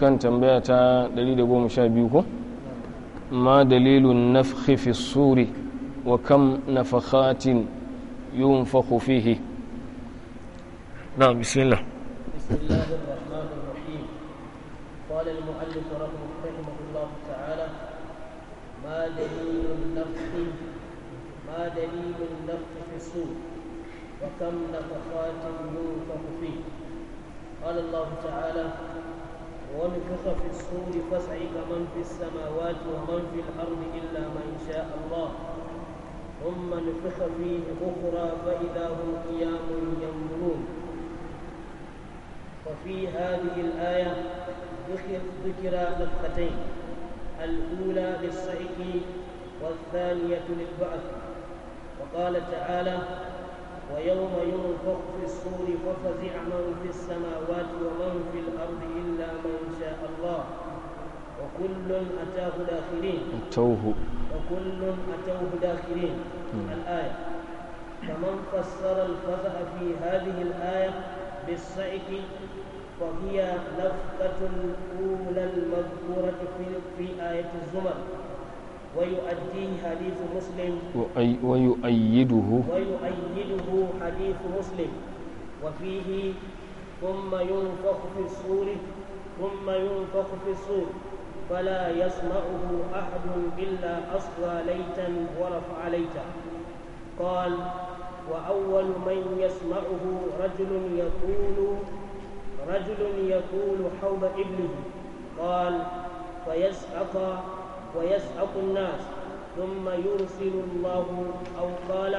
kan tambaya ta 112 ko ma dalilun nafkhi fi suri wa kam nafakhatin yunfakhu fihi na bismillah الرحمن الرحيم قال المؤلف رحمه الله تعالى ما دليل النفخ ما دليل النفخ في الصور وكم نفخات ينفخ فيه قال الله تعالى ونفخ في الصور فصعق من في السماوات ومن في الأرض إلا من شاء الله ثم نفخ فيه أخرى فإذا هم قيام ينظرون وفي هذه الآية ذكر نفختين الأولى للصعق والثانية للبعث وقال تعالى ويوم ينفخ في الصور ففزع من في السماوات ومن في الأرض إلا من شاء الله وكل أتاه داخلين أتوه وكل أتوه داخلين الآية فمن فسر الفزع في هذه الآية بالصعق فهي لفتة الأولى المذكورة في, في آية الزمر ويؤديه حديث مسلم وأي ويؤيده ويؤيده حديث مسلم وفيه ثم ينفخ في الصور ثم ينفخ في الصور فلا يسمعه أحد إلا أصغى ليتا ورفع ليتا قال وأول من يسمعه رجل يقول رجل يقول حوض ابنه قال فيسعق ويزحف الناس ثم يرسل الله أو قال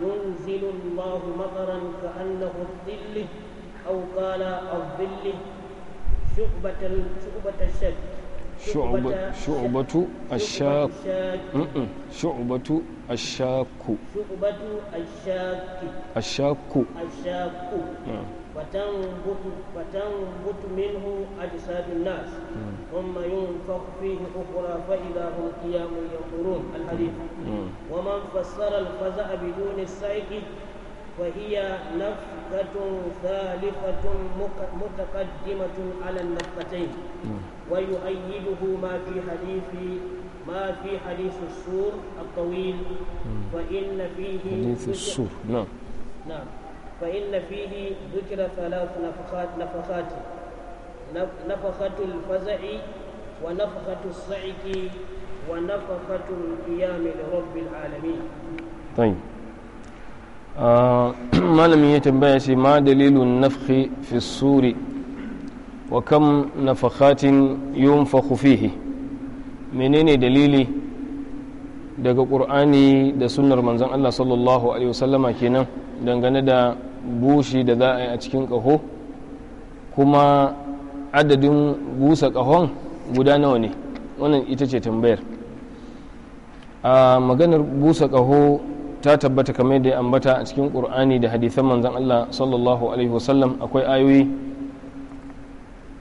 ينزل الله مطرا كأنه الظله أو قال الظله شعبة الشد شعبة شعبة الشاك شعبة الشاك شعبة الشاك الشاك الشاك فتنبت فتنبت منه أجساد الناس ثم ينفخ فيه أخرى فإذا هم قيام ينظرون الحديث ومن فسر الفزع بدون السيك وهي نفخة ثالثة متقدمة على النفختين ويؤيده ما في حديث ما في حديث السور الطويل فإن فيه حديث السور نعم نعم فإن فيه ذكر ثلاث نفخات نفخات نفخة الفزع ونفخة الصعق ونفخة القيام لرب العالمين طيب آه ما لم يتبع ما دليل النفخ في السور wa وكم نفخات ينفخ فيه menene dalili daga ƙur'ani da sunnar manzon Allah sallallahu alaihi wasallama kenan dangane da bushi da za a yi a cikin ƙaho kuma adadin busa ƙahon guda nawa ne wannan ita ce tambayar a maganar busa ƙaho ta tabbata kamar da ambata a cikin ƙur'ani da hadisan manzon Allah sallallahu alaihi wasallam akwai ayoyi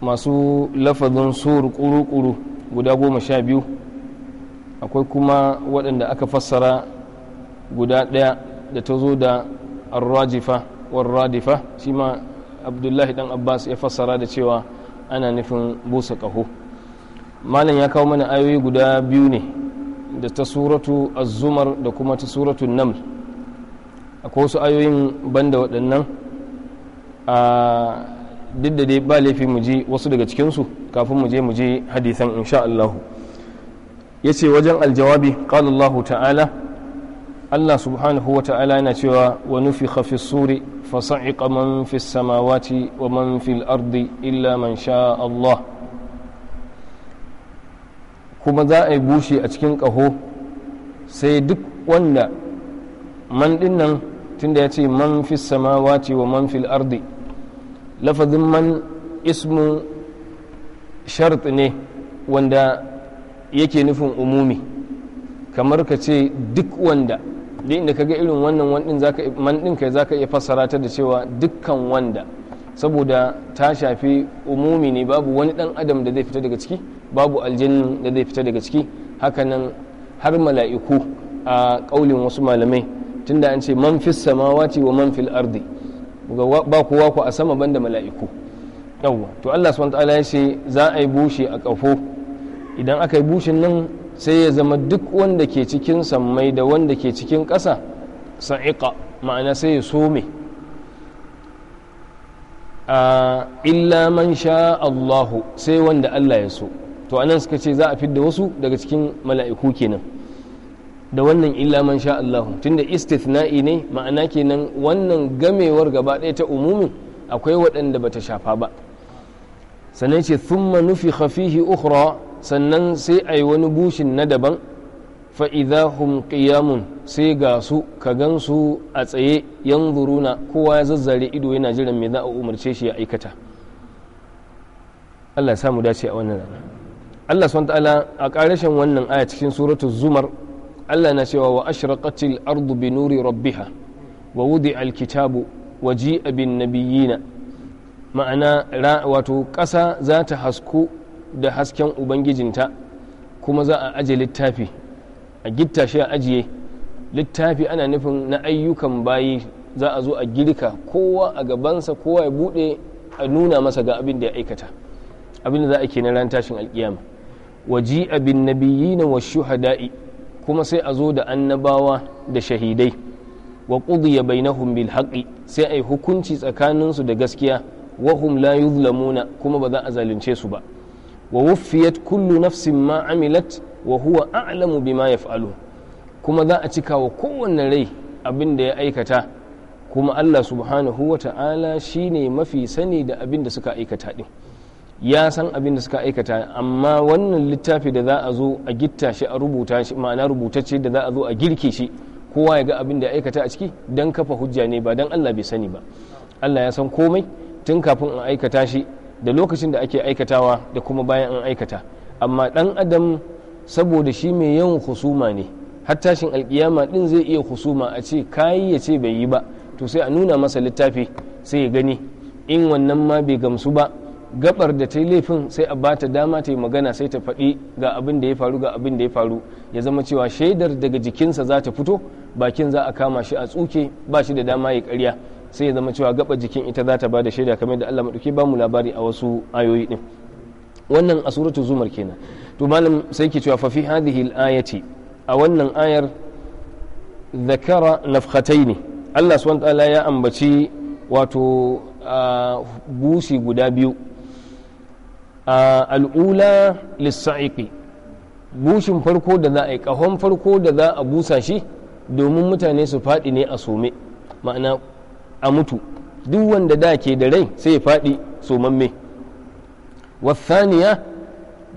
masu lafazin sur kuru-kuru guda goma sha biyu akwai kuma waɗanda aka fassara guda ɗaya da ta zo da arrajifa warradifa shi ma abdullahi dan abbas ya fassara da cewa ana nufin busa ƙaho malam ya kawo mana ayoyi guda biyu ne da ta suratu azumar da kuma ta suratu naml akwai wasu ayoyin banda waɗannan a ah, duk da dai ba laifi mu ji wasu daga cikinsu kafin mu je mu je hadisan insha Allah ya ce wajen aljawabi qala Allah ta'ala Allah subhanahu wa ta'ala yana cewa wa nufikha fi suri fa sa'iqa man fi samawati wa man fil ardi illa man sha Allah kuma za a yi bushe a cikin ƙaho sai duk wanda man dinnan tunda ya ce man fi samawati wa man fil ardi lafazin man ismu shart ne wanda yake nufin umumi kamar ka ce duk wanda duk inda kaga irin wannan wandin zaka man din kai zaka iya fassara ta da cewa dukkan wanda saboda ta shafi umumi ne babu wani dan adam da zai fita daga ciki babu aljannin da zai fita daga ciki hakanan har mala'iku a kaulin wasu malamai tunda an ce man fis samawati wa man fil ardi ba kowa ku a sama banda mala'iku yawwa to Allah subhanahu wataala ya ce za a yi bushe a kafo idan aka yi bushin nan sai ya zama duk wanda ke cikin sammai da wanda ke cikin ƙasa sa'iqa ma'ana sai ya some a illa man sha Allahu sai wanda Allah ya so to anan suka ce za a fidda wasu daga cikin mala'iku kenan da wannan illa man sha Allah tunda istithna'i ne ma'ana kenan wannan gamewar gaba ɗaya ta umumin akwai waɗanda bata shafa ba sannan ce thumma nufi fihi ukhra sannan sai ai wani bushin na daban fa idza hum qiyamun sai ga su ka gansu a tsaye yanzuruna kowa ya zazzare ido yana jiran me za a umarce shi ya aikata Allah ya samu dace a wannan rana Allah subhanahu wa ta'ala a ƙarashin wannan aya cikin suratul zumar Allah na cewa wa ashraqatil ardu bi nuri rabbiha wa wudi'a alkitabu wa ji'a bin nabiyina ma'ana wato ƙasa za ta hasku da hasken ubangijinta kuma za a aje littafi a gitta shi a ajiye littafi ana nufin na ayyukan bayi za a zo a girka kowa a gabansa kowa ya bude a nuna masa ga abin da ya aikata abin da za a ke na ran tashin alkiyama waji abin nabiyina wa shuhada'i kuma sai a zo da annabawa da shahidai wa qudiya bainahum bil haƙƙi sai a yi hukunci tsakaninsu da gaskiya wa hum la yuzlamuna kuma ba za a zalunce su ba wa wuffiyat kullu nafsin ma amilat wa huwa a'lamu bima yaf'alu kuma za a cika wa kowanne rai abin da ya aikata kuma Allah subhanahu wa ta'ala shine mafi sani da abin da suka aikata din ya san abin da suka aikata amma wannan littafi da za a zo a gitta shi a rubuta shi ma'ana rubutacce da za a zo a girke shi kowa ya ga abin da ya aikata a ciki dan kafa hujja ne ba dan Allah bai sani ba Allah ya san komai tun kafin an aikata shi da lokacin da ake aikatawa da kuma bayan in aikata amma dan adam saboda shi mai yawan husuma ne har tashin alkiyama din zai iya husuma a ce kayi ya ce bai yi ba to sai a nuna masa littafi sai ya gani in wannan ma bai gamsu ba gabar da ta yi laifin sai a bata dama ta yi magana sai ta faɗi ga abin da ya faru ga abin da ya faru ya zama cewa shaidar daga jikinsa za ta fito bakin za a kama shi a tsuke ba shi da dama ya karya sai ya zama cewa gabar jikin ita za ta da shaida kamar da Allah maɗauki ba mu labari a wasu ayoyi ɗin wannan a suratu zumar kenan to malam sai ke cewa fa fi hadhihi ayati a wannan ayar zakara nafkatai ne Allah subhanahu wa ya ambaci wato ah, bushi guda biyu al'ula lissa'iki bushin farko da za a yi ƙahon farko da za a busa shi domin mutane su faɗi ne a some ma'ana a mutu duk wanda da ke da rai sai ya faɗi somamme wasaniya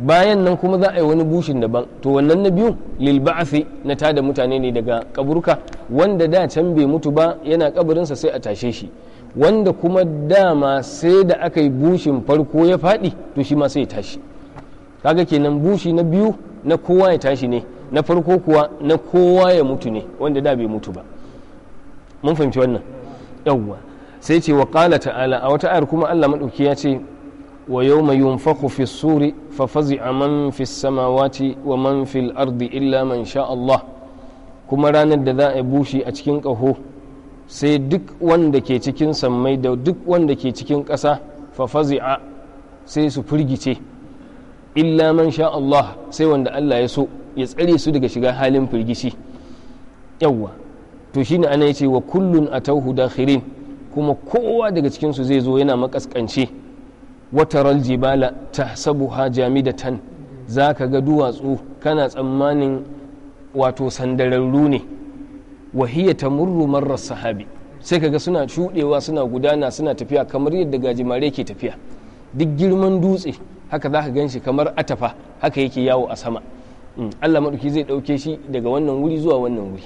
bayan nan kuma za a yi wani bushin daban to wannan na biyu lilba'asi na tada mutane ne daga kaburka wanda da can bai mutu ba yana kabarinsa sai a tashe shi wanda kuma dama sai da aka yi bushin farko ya faɗi to shi ma sai ya tashi kaga kenan bushi na biyu na kowa ya tashi ne na farko kuwa na kowa ya mutu ne wanda da bai mutu ba mun fahimci wannan yawwa sai ce wa qala ta'ala a wata ayar kuma Allah madauki ya ce wa yawma yunfakhu fi suri fa fazi'a man fi samawati wa man fil ardi illa man sha Allah kuma ranar da za a bushi a cikin kaho. sai duk wanda ke cikin sammai da duk wanda ke cikin ƙasa fafazi'a sai su firgice illa man sha Allah sai wanda Allah ya so ya tsare su daga shiga halin firgici yawwa to shine ana yace wa kullun tauhu dakhirin kuma kowa daga cikin su zai zo yana makaskance wataral jibala tahsabuha jamidatan zaka ga duwatsu kana tsammanin wato sandararru ne wa ta tamurru marra sahabi sai kaga suna shudewa suna gudana suna tafiya kamar yadda gajimare ke tafiya duk girman dutse haka za ka gan shi kamar atafa haka yake yawo a sama mm, Allah maɗauki zai ɗauke shi daga wannan wuri zuwa wannan wuri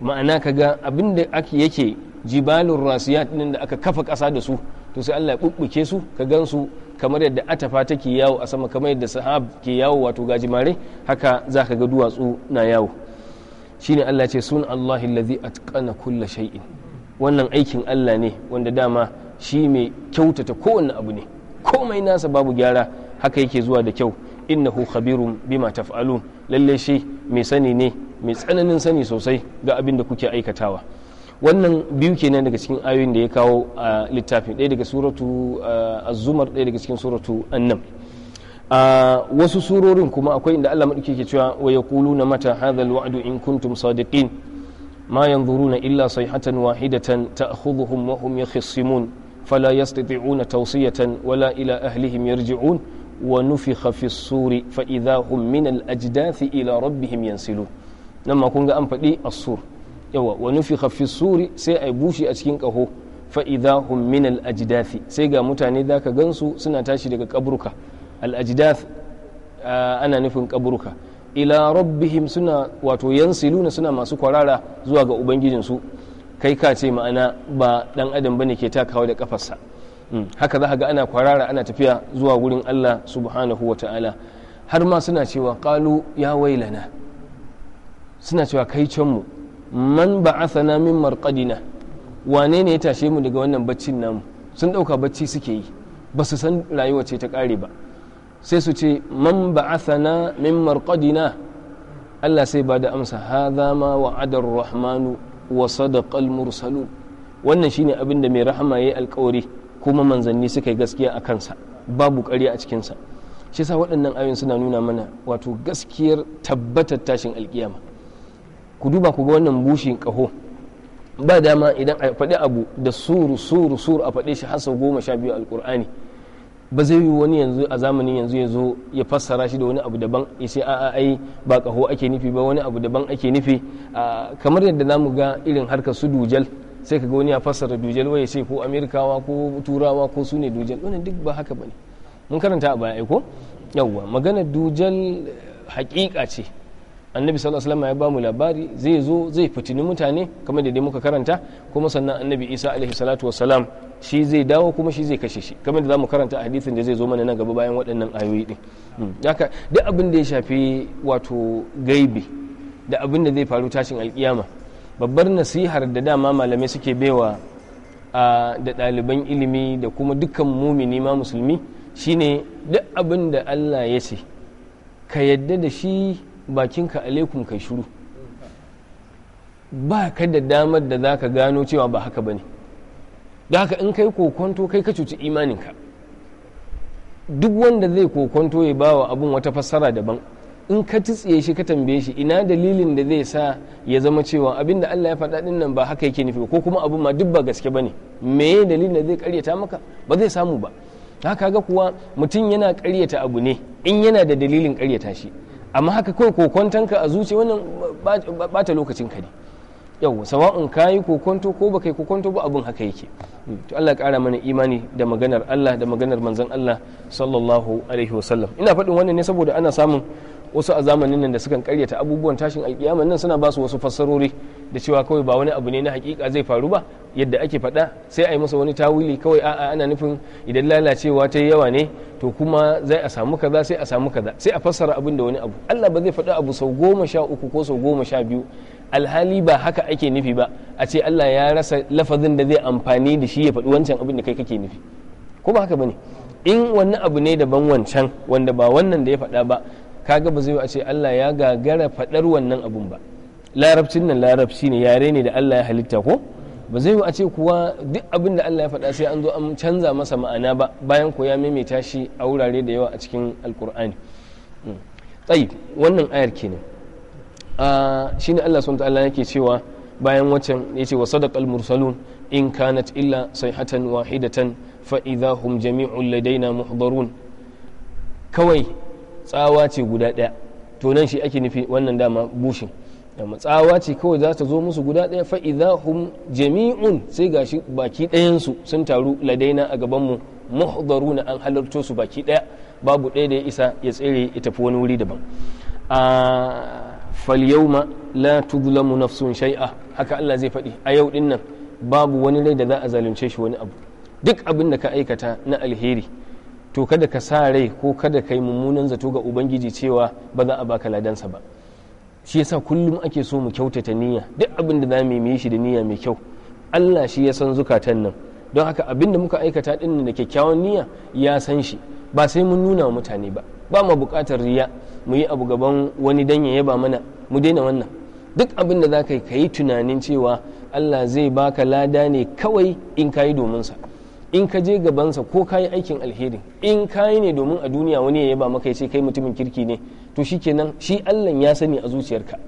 ma'ana kaga abin da yake jibalun rasiyat ɗin da aka kafa ƙasa da su to sai Allah ya bubbuke su ka gansu kamar yadda atafa take yawo a sama kamar yadda sahab ke yawo wato gajimare haka za ka ga duwatsu na yawo shine Allah ce sun Allah allazi atqana kulla shai'in wannan aikin Allah ne wanda dama shi mai kyautata kowanne abu ne komai nasa babu gyara haka yake zuwa da kyau innahu khabirun bima taf'alun lalle shi mai sani ne mai tsananin sani sosai ga abin da kuke aikatawa wannan biyu kenan daga cikin ayoyin da ya kawo a littafin ɗaya daga suratu eh, az-zumar ɗaya daga cikin suratu annam a wasu surorin kuma akwai inda Allah madauki ke cewa wa na mata hadha alwa'du in kuntum sadiqin ma yanzuruna illa sayhatan wahidatan ta'khudhuhum wa hum yakhisimun fala yastati'una tawsiyatan wala ila ahlihim yarji'un wa nufikha fi suri fa idha hum min al-ajdathi ila rabbihim yansilu nan ma kun ga an faɗi as-sur yawa wa nufikha fi suri sai ai bushi a cikin kaho fa idha hum min al-ajdathi sai ga mutane zaka gansu suna tashi daga kaburka al ana nufin kaburuka ila rabbihim suna wato yansiluna suna masu kwarara zuwa ga ubangijinsu kai ka ce ma'ana ba dan adam bane ke takawa da kafarsa haka za ga ana kwarara ana tafiya zuwa wurin Allah subhanahu wa ta'ala har ma suna cewa kalu ya wailana suna cewa kai can mu ba ba'athana min marqadina wane ne ya tashe mu daga wannan baccin namu sun ɗauka bacci suke yi ba su san rayuwa ce ta kare ba sai su ce man ba'athana min marqadina Allah sai ba da amsa hadha ma wa'adar rahmanu wa sadaqal mursalu wannan shine abin da mai rahama yayi alkawari kuma manzanni suka yi gaskiya a kansa babu ƙarya a cikinsa shi yasa waɗannan ayoyin suna nuna mana wato gaskiyar tabbatar tashin alkiyama ku duba ku ga wannan bushin kaho. ba dama idan a faɗi abu da suru suru suru a faɗe shi har goma sha biyu alkur'ani. ba zai yi wani yanzu a zamanin yanzu ya zo ya fassara shi da wani abu daban ya ce ai ba kaho ake nufi ba wani abu daban ake nufi kamar yadda namu ga irin harkar su dujal sai kaga wani ya fassara dujal wai ya ce ko amerikawa ko turawa ko su ne dujal wannan duk ba haka bane mun karanta a baya aiko yawwa magana dujal hakika ce annabi sallallahu alaihi wasallam ya mu labari zai zo zai fitini mutane kamar da dai muka karanta kuma sannan annabi isa alaihi salatu wasallam shi zai dawo kuma shi zai kashe shi kamar da zamu karanta a hadisin da zai zo mana nan gaba bayan waɗannan ayoyi din hmm, haka duk abin da ya shafi wato gaibi da abin da zai faru tashin alkiyama babbar nasihar da dama malamai suke baiwa da ɗaliban ilimi da kuma dukkan mumini ma musulmi shine duk abin da Allah ya ce ka yadda da shi bakinka alaikum kai shiru. ba ka da damar da za ka gano cewa ba haka ba ne don haka in kai kokonto kai ka cuci imaninka duk wanda zai kokonto ya bawa abun wata fassara daban in ka tsiye shi ka tambaye shi ina dalilin da zai sa ya zama cewa abinda Allah ya faɗa ɗin nan ba haka yake nufi ko kuma abun ma duk ba gaske ba ne me dalilin da zai karyata maka ba zai samu ba haka ga kuwa mutum yana karyata abu ne in yana da dalilin karyata shi amma haka kawai kokontanka a zuci wannan bata lokacin ka ne yau sawa'un ka yi kokonto ko baka yi kokonto ba abin haka yake mm, to Allah ƙara mana imani da maganar Allah da maganar manzon Allah sallallahu alaihi wasallam ina faɗin wannan ne saboda ana samun wasu a zamanin nan da sukan karyata abubuwan tashin alkiyama nan suna ba su wasu fassarori da cewa kawai ba wani abu ne na hakika zai faru ba yadda ake faɗa sai a yi masa wani tawili kawai a'a ana nufin idan lalacewa ta yawa ne to kuma zai a samu kaza sai a samu kaza sai a fassara abin da wani abu Allah ba zai faɗa abu sau goma sha uku ko sau goma sha biyu alhali ba haka ake nufi ba a ce Allah ya rasa lafazin da zai amfani da shi ya faɗi wancan abin da kai kake nufi ko ba haka bane in wani abu ne daban wancan wanda ba wannan da ya faɗa ba kaga ba zai a ce Allah ya gagara faɗar wannan abun ba larabcin nan larabci ne yare ne da Allah ya halitta ko ba zai a ce kuwa duk abin da Allah ya faɗa sai an zo an canza masa ma'ana ba bayan ko ya maimaita shi a wurare da yawa a cikin alkur'ani hmm. tsayi wannan ayar kenan shine Allah sunta Allah yake cewa bayan wancan yace wa sadaqal mursalun in kanat illa sayhatan wahidatan fa hum jami'un ladaina muhdarun kawai tsawa ce guda daya to shi ake nufi wannan dama bushin amma tsawa ce kawai za ta zo musu guda daya fa hum jami'un sai gashi baki dayansu sun taru ladaina a gaban mu muhdaruna an halarto su baki daya babu ɗaya da ya isa ya tsere ya tafi wani wuri daban falyawma la tuzlamu nafsun shay'a haka Allah zai faɗi a yau din nan babu wani rai da za a zalunce shi wani abu duk abin da ka aikata na alheri to kada ka sa rai ko kada kai mummunan zato ga ubangiji cewa ba za a baka ladansa ba shi yasa kullum ake so mu kyautata niyya duk abin da za mu yi shi da niyya mai kyau Allah shi ya san zukatan nan don haka abin da muka aikata din da kyakkyawan niyya ya san shi ba sai mun nuna wa mutane ba ba mu buƙatar riya mu yi abu gaban wani dan ya yaba mana mu daina wannan duk abin da za ka yi ka yi tunanin cewa Allah zai baka lada ne kawai in ka yi dominsa in ka je gabansa ko ka yi aikin alherin in ka yi ne domin a duniya wani ya yaba maka ya ce kai mutumin kirki ne to shi kenan shi Allah ya sani a zuciyarka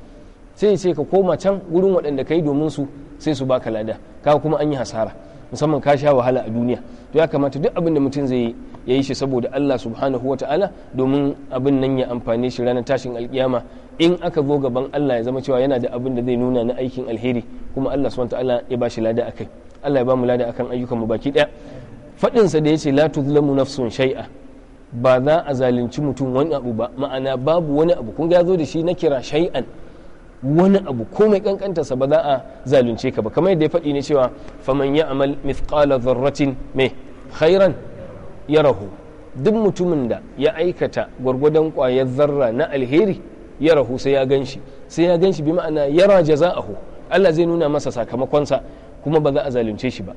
sai ce ka koma can wurin waɗanda ka yi domin su sai su baka lada ka kuma an yi hasara musamman ka sha wahala a duniya to ya kamata duk abin da mutum zai yi ya yi shi saboda Allah subhanahu wa ta'ala domin abin nan ya amfani shi ranar tashin alkiyama in aka zo gaban Allah ya zama cewa yana da abin da zai nuna na aikin alheri kuma Allah subhanahu wa ta'ala ya ba shi lada akai Allah ya ba mu lada akan ayyukan mu baki daya fadin sa da yace la tuzlamu nafsun shay'a ba za a zalunci mutum wani abu ba ma'ana babu wani abu kun ga ya zo da shi na kira shay'an wani abu ko komai sa ba za a zalunce ka ba kamar yadda ya faɗi ne cewa faman ya amal mithqala dharratin me khairan ya rahu duk mutumin da ya aikata gwargwadon kwayar zarra na alheri ya rahu sai ya gan sai ya ganshi shi bi ma'ana yara jaza'ahu Allah zai nuna masa sakamakonsa kuma ba za a zalunce shi ba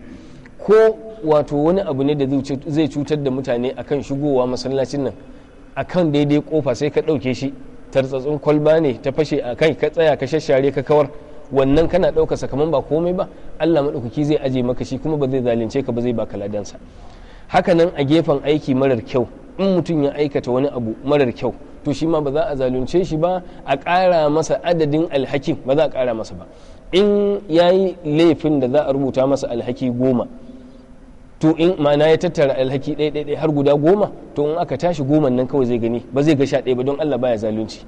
ko wato wani abu ne da zai cutar da mutane akan shigowa masallacin nan akan daidai kofa sai ka ɗauke shi tartsatsun kwalba ne ta fashe a kai ka tsaya ka shashare ka kawar wannan kana ɗauka sakamakon ba komai ba Allah maɗaukaki zai aje maka shi kuma ba zai zalunce ka ba zai baka ladansa hakanan a gefen aiki marar kyau in mutum ya aikata wani abu marar kyau to shi ma ba za a zalunce shi ba a ƙara masa adadin alhakin ba za a ƙara masa ba in ya yi laifin da za a rubuta masa alhaki goma to in mana ya tattara alhaki ɗaya ɗaya har guda goma to in aka tashi goma nan kawai zai gani ba zai ga sha ɗaya ba don allah baya zalunci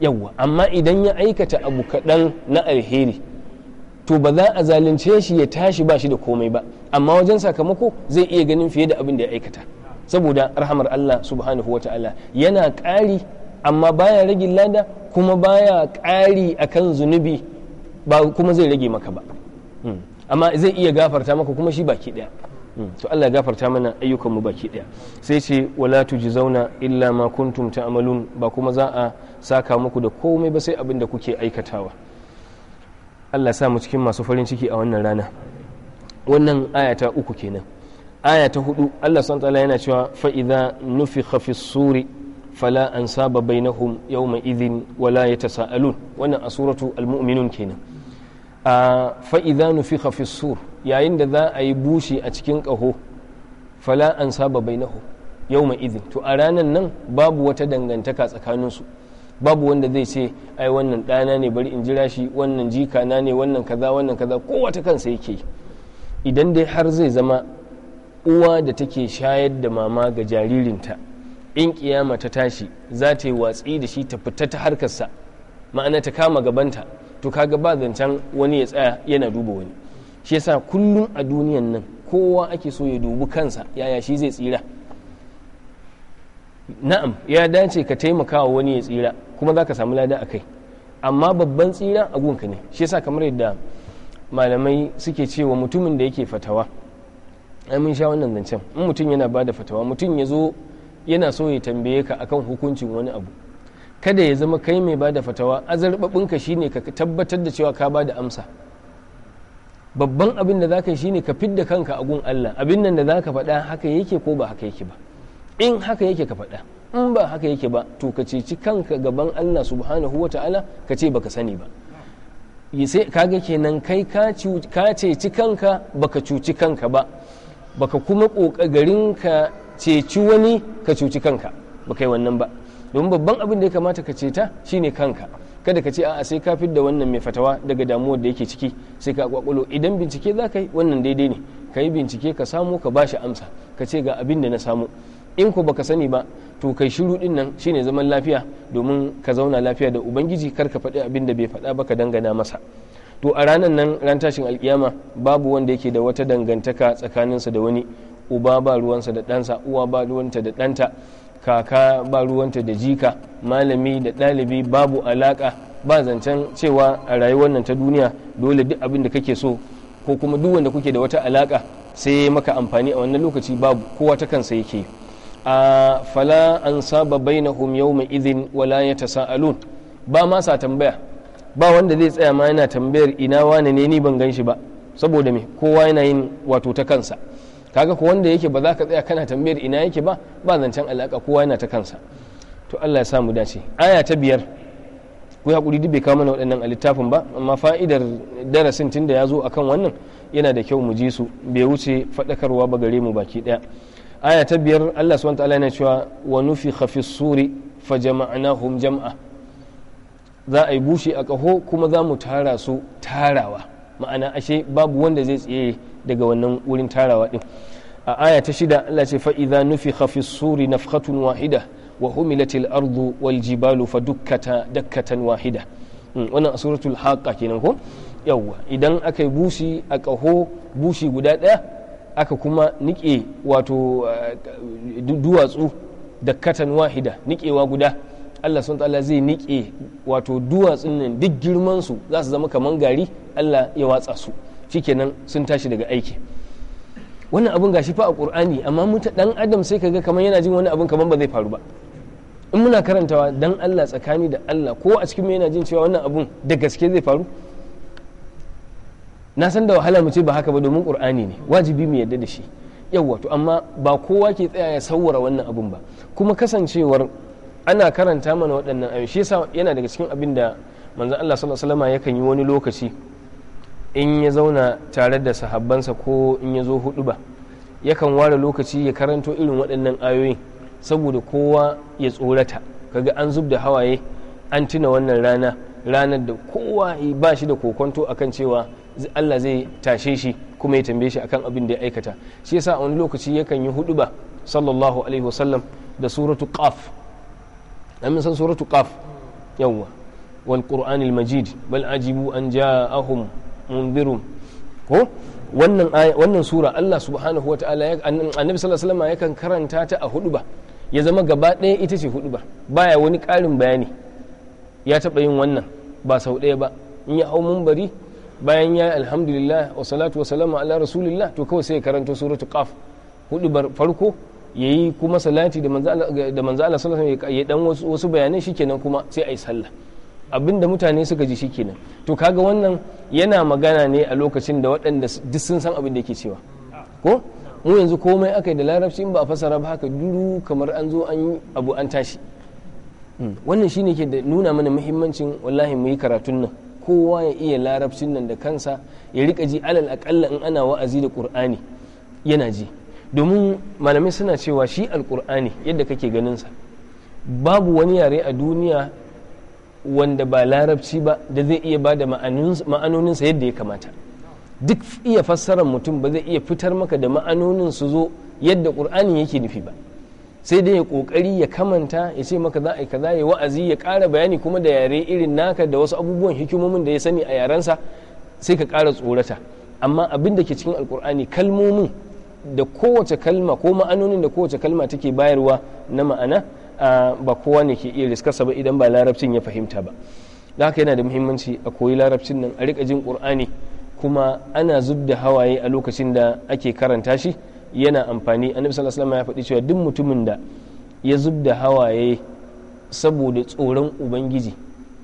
yawwa amma idan ya aikata abu kaɗan na alheri to ba za a zalunce shi ya tashi ba shi da komai ba amma wajen sakamako zai iya ganin fiye da abin da ya aikata saboda rahamar Allah subhanahu wa ta'ala yana ƙari amma baya rage lada kuma baya ƙari akan zunubi ba kuma zai rage maka ba hmm. amma zai iya gafarta maka kuma shi baki ɗaya hmm. to Allah gafarta mana ayyukanmu baki ɗaya sai ce wala zauna illa ma kuntum ta'malun ba kuma za a saka muku da komai ba sai abin da kuke aikatawa allah sa mu cikin masu farin ciki a wannan rana wannan ayata uku kenan ayata ta hudu allah san tsala yana cewa fa'iza nufi fi suri fala an saba bainahum yawma idhin wala yatasaalun wannan a suratu almu'minun kenan a fa'iza nufi fi sur yayin da za a yi bushi a cikin ƙaho fala an saba bainahum yawma idhin to a ranan nan babu wata dangantaka tsakaninsu babu wanda zai ce ai wannan ɗana ne bari in jira shi wannan jika na ne wannan kaza wannan kaza kowa ta kansa yake idan dai har zai zama uwa da take shayar da mama ga jaririnta in kiyama ta tashi za ta yi watsi da shi ta fita ta harkarsa ma'ana ta kama gabanta to kaga ba zancen wani ya tsaya yana duba wani shi yasa kullum a duniyan nan kowa ake so ya dubi kansa yaya shi zai tsira na'am ya dace ka taimaka wa wani ya tsira kuma za ka samu lada a kai amma babban tsira a gunka ne shi yasa kamar yadda malamai suke cewa mutumin da yake fatawa ai mun sha wannan zancen in mutum yana ba da fatawa mutum ya zo yana so ya tambaye ka akan hukuncin wani abu kada ya zama kai mai ba da fatawa ka shine ka tabbatar da cewa ka ba da amsa babban abin da zaka yi shine ka fidda kanka a gun Allah abin nan da zaka faɗa haka yake ko ba haka yake ba in haka yake ka faɗa in ba haka yake ba to ka ceci kanka gaban Allah subhanahu wa ta'ala ka ce baka sani ba sai kaga kenan kai ka ceci kanka baka cuci kanka ba baka kuma ƙoƙarin ka ceci wani ka cuci kanka ba kai wannan ba domin babban abin da ya kamata ka ceta shine kanka kada ka ce a'a sai ka da wannan mai fatawa daga damuwar da yake ciki sai ka kwakwalo idan bincike za ka yi wannan daidai ne ka yi bincike ka samu ka ba shi amsa ka ce ga abin da na samu in ko baka sani ba to kai shiru din nan shine zaman lafiya domin ka zauna lafiya da ubangiji kar ka faɗi abin da bai faɗa ba ka dangana masa to a ranar nan ran tashin alkiyama babu wanda yake da wata dangantaka tsakaninsa da wani uba ba ruwansa da ɗansa uwa ba ruwanta da ɗanta kaka ba ruwanta da jika malami da ɗalibi babu alaƙa ba zancen cewa a rayuwar nan ta duniya dole duk abin da kake so ko kuma duk wanda kuke da wata alaka sai maka amfani a wannan lokaci babu kowa ta kansa yake yi a fala an saba yau mai izin wala ya ta sa'alun ba ma sa tambaya ba wanda zai tsaya ma yana tambayar ina wane ne ni ban ganshi ba saboda me kowa yana yin wato ta kansa kaga ko wanda yake ba za ka tsaya kana tambayar ina yake ba ba zancen alaka kowa yana ta kansa to Allah ya samu dace aya ta biyar ku hakuri duk bai kama mana waɗannan a littafin ba amma fa'idar darasin tunda ya zo akan wannan yana da kyau mu ji su bai wuce faɗakarwa ba gare mu baki ɗaya aya ta biyar Allah subhanahu ta'ala yana cewa wa nufikha fi suri fa jama'nahum jam'a za a yi bushe a kaho kuma za mu tara su tarawa ma'ana ashe babu wanda zai tsaye daga wannan wurin tarawa din a aya ta shida Allah ce fa idza nufikha fi suri nafkhatun wahida wa humilatil ardu wal jibalu fa dukkata dakkatan wahida hmm, wannan suratul haqqa kenan ko yawwa idan aka yi bushi a kaho bushi guda daya aka kuma nike wato eh, duwatsu da katan wahida nikewa guda Allah sun ta'ala zai nike wato duwatsun nan duk girmansu su za su zama kamar gari Allah ya watsa su shikenan sun tashi daga aiki wannan abun gashi fa a Qur'ani amma mu dan adam sai kaga kamar yana jin wani abun kaman ba zai faru ba in muna karantawa dan Allah tsakani da Allah ko a cikin mu yana jin cewa wannan abun da gaske zai faru na san da wahala mu ce ba haka ba domin qur'ani ne wajibi mu yadda da shi yawwa to amma ba kowa ke tsaya ya saurara wannan abun ba kuma kasancewar ana karanta mana waɗannan ayoyi shi yasa yana daga cikin abin da manzon Allah sallallahu alaihi wasallam yakan yi wani lokaci in ya zauna tare da sahabbansa ko in ya zo hudu ba yakan ware lokaci ya karanto irin waɗannan ayoyin saboda kowa ya tsorata kaga an zub da hawaye an tuna wannan rana ranar da kowa ba shi da kokonto akan cewa Allah zai tashe shi kuma ya tambaye shi akan abin da ya aikata shi yasa a wani lokaci yakan yi huduba sallallahu alaihi wasallam da suratu qaf amma san suratu qaf yawwa wal qur'anil majid bal ajibu an ja'ahum munzirun ko wannan wannan sura Allah subhanahu wa ta'ala annabi sallallahu alaihi wasallam yakan karanta ta a huduba ya zama gaba ɗaya ita ce huduba baya wani ƙarin bayani ya taɓa yin wannan ba sau ɗaya ba in ya hau mumbari bayan ya yi alhamdulillah wa salatu wa salamu ala rasulillah to kawai sai ya karanta suratul qaf hudu farko yayi kuma salati da manzo da manzo Allah sallallahu alaihi wasallam ya dan wasu wasu bayanai shikenan kuma sai ayi sallah abinda mutane suka ji shikenan to kaga wannan yana magana ne a lokacin da waɗanda duk sun san abin da yake cewa ko mu yanzu komai aka yi da larabci in ba a fasara ba haka duru kamar an zo an yi abu an tashi hmm. wannan shine ke da nuna mana muhimmancin wallahi mu yi karatun nan kowa ya iya larabcin nan da kansa ya rika ji alal akalla in ana wa'azi da ƙur'ani yana ji domin malamai suna cewa shi alƙur'ani yadda kake ganin sa babu wani yare a duniya wanda ba larabci ba da zai iya ba da ma'anoninsa yadda ya kamata duk iya fassarar mutum ba zai iya fitar maka da ma'anonin su zo yadda ƙur'ani yake nufi ba sai dai ya kokari ya kamanta ya ce maka za a yi kaza ya wa'azi ya kara bayani kuma da yare irin naka da wasu abubuwan hikimomin da ya sani a yarensa sai ka kara tsorata amma abin da ke cikin alkur'ani kalmomin da kowace kalma ko ma'anonin da kowace kalma take bayarwa na ma'ana ba kowa ne ke iya riskarsa ba idan ba larabcin ya fahimta ba da haka yana da muhimmanci a koyi larabcin nan a riƙa jin kur'ani kuma ana zub da hawaye a lokacin da ake karanta shi yana amfani annabi sallallahu alaihi ya faɗi cewa duk mutumin da ya zub da hawaye saboda tsoron ubangiji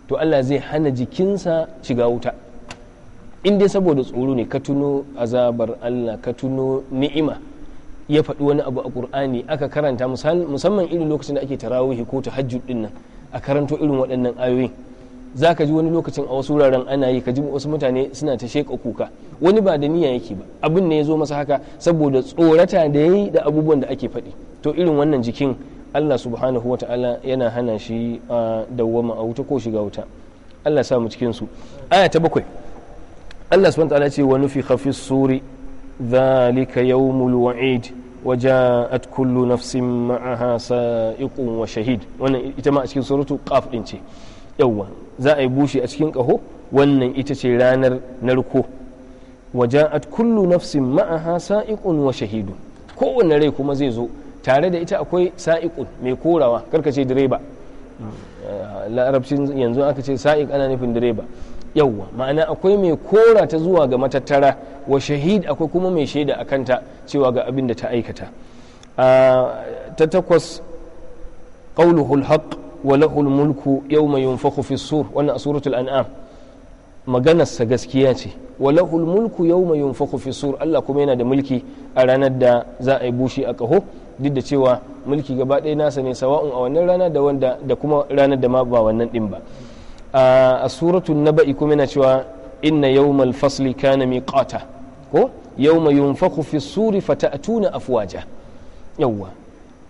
to Allah zai hana jikinsa shiga wuta in dai saboda tsoro ne ka tuno azabar Allah ka tuno ni'ima ya faɗi wani abu a ƙur'ani aka karanta musamman irin lokacin da ake tarawihi ko ta din nan a karanto irin waɗannan ayoyin za ka ji wani lokacin a wasu wuraren ana yi ka ji wasu mutane suna ta sheƙa kuka wani ba da niyya yake ba abin ne ya zo masa haka saboda tsorata da ya da abubuwan da ake faɗi to irin wannan jikin allah subhanahu wata'ala yana hana shi dawwama a wuta ko shiga wuta allah sa mu cikin su aya ta bakwai allah subhanahu wata'ala ce wa nufi hafi suri zalika yawmul wa'id wa ja'at kullu nafsin ma'aha sa'iqun wa shahid wannan ita ma a cikin suratu qaf din ce yawwa za a yi bushe a cikin ƙaho wannan ita ce ranar narko waja'at kullu nafsin ma'aha sa'iqun wa shahidu kowanne rai kuma zai zo tare da ita akwai sa'iqun mai korawa karka ce direba mm, larabcin yanzu aka ce sa'iq ana nufin direba yawwa ma'ana akwai mai kora ta zuwa ga matattara wa shahid akwai kuma mai shaida a kanta cewa ga abin da ta aikata ta takwas qauluhul haqq wa lahul mulku yawma yunfakhu fi sur wannan a suratul an'am maganarsa gaskiya ce wa lahul mulku yawma yunfakhu fi sur Allah kuma yana da mulki a ranar da za a yi bushe a kaho duk da cewa mulki gaba ɗaya nasa ne sawa'un a wannan rana da wanda da kuma ranar da ma ba wannan din ba a suratul naba'i kuma yana cewa inna yawmal fasli kana miqata ko yawma yunfakhu fi suri fata'tuna afwaja yawwa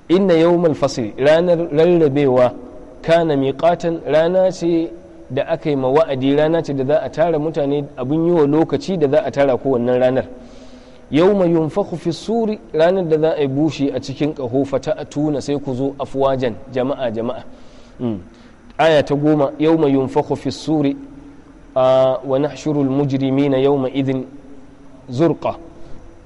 inna yawmal fasli ranar rarrabewa kana miƙatan rana ce da aka yi ma wa'adi rana ce da za a tara mutane abin yi wa lokaci da za a tara kowannan ranar yau mai yunfaku fi suri ranar da za a yi bushe a cikin ƙaho fata a tuna sai ku zo afuwajen jama'a jama'a hmm. aya ta goma yau mai yunfaku fi suri a wani shirul mujirimi na yau mai izin zurƙa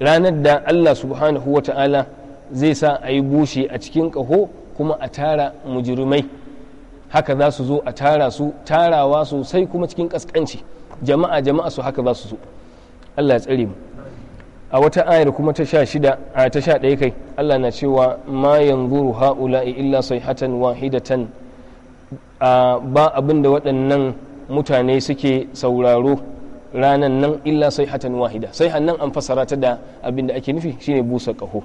ranar da allah subhanahu wa ta'ala zai sa a yi bushe a cikin ƙaho kuma a tara mujirimai. haka za su zo a tara su tarawa sosai kuma cikin kaskanci jama'a jama'a su haka za su zo Allah ya tsare mu a wata ayar kuma ta sha shida a ta sha ɗaya kai Allah na cewa ma yanzuru ha'ula'i illa sai hatan wahidatan ba abin da waɗannan mutane suke sauraro ranan nan illa sai hatan wahida sai hannan an fassara ta da abin da ake nufi shine busa ƙaho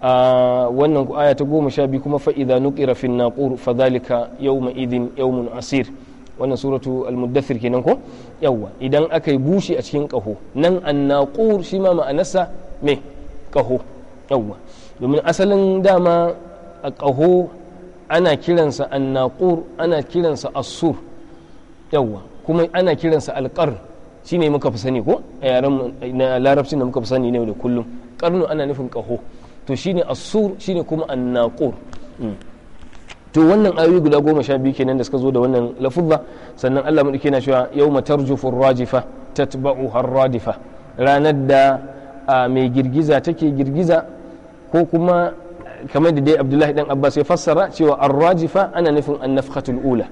wannan aya ta goma sha biyu kuma fa'iza nuqira fin naqur fa zalika yawma idin mun asir wannan suratu al-muddathir kenan ko yawa idan aka yi bushi a cikin kaho nan an-naqur shi ma ma'anarsa me kaho yawa domin asalin dama a kaho ana kiransa an-naqur ana kiransa asur yawa kuma ana kiransa alqar shine muka fi sani ko a yaren larabcin da muka fi sani ne da kullum karnu ana nufin kaho to shine asur shine kuma annaqur mm. to wannan ayoyi guda goma sha biyu kenan da suka zo da wannan lafuzza sannan Allah mu dake na cewa yawma tarjufu rajifa tatba'u harradifa ranar da mai girgiza take girgiza ko kuma kamar da dai Abdullahi dan Abbas ya fassara cewa arrajifa ana nufin annafkhatul ula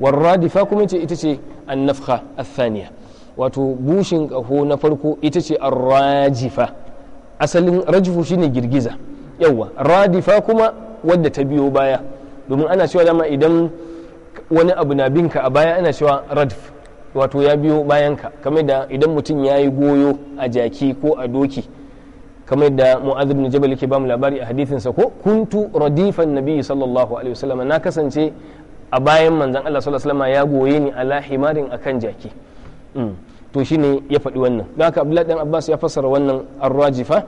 warradifa kuma ce ita ce annafkha athaniya wato bushin kaho na farko ita ce arrajifa asalin rajfu shine girgiza yawa radifa kuma wadda ta biyo baya domin ana cewa dama idan wani abu na binka a baya ana cewa radf wato ya biyo bayanka kamar da idan mutum ya yi goyo a jaki ko a doki kamar da mu'adhib ibn jabal yake bamu labari a hadithinsa ko kuntu radifan nabi sallallahu alaihi wasallam na kasance a bayan manzon Allah sallallahu alaihi wasallam ya goye ni ala himarin akan jaki hmm. to shine ya faɗi wannan don haka abdullahi dan abbas ya fassara wannan arrajifa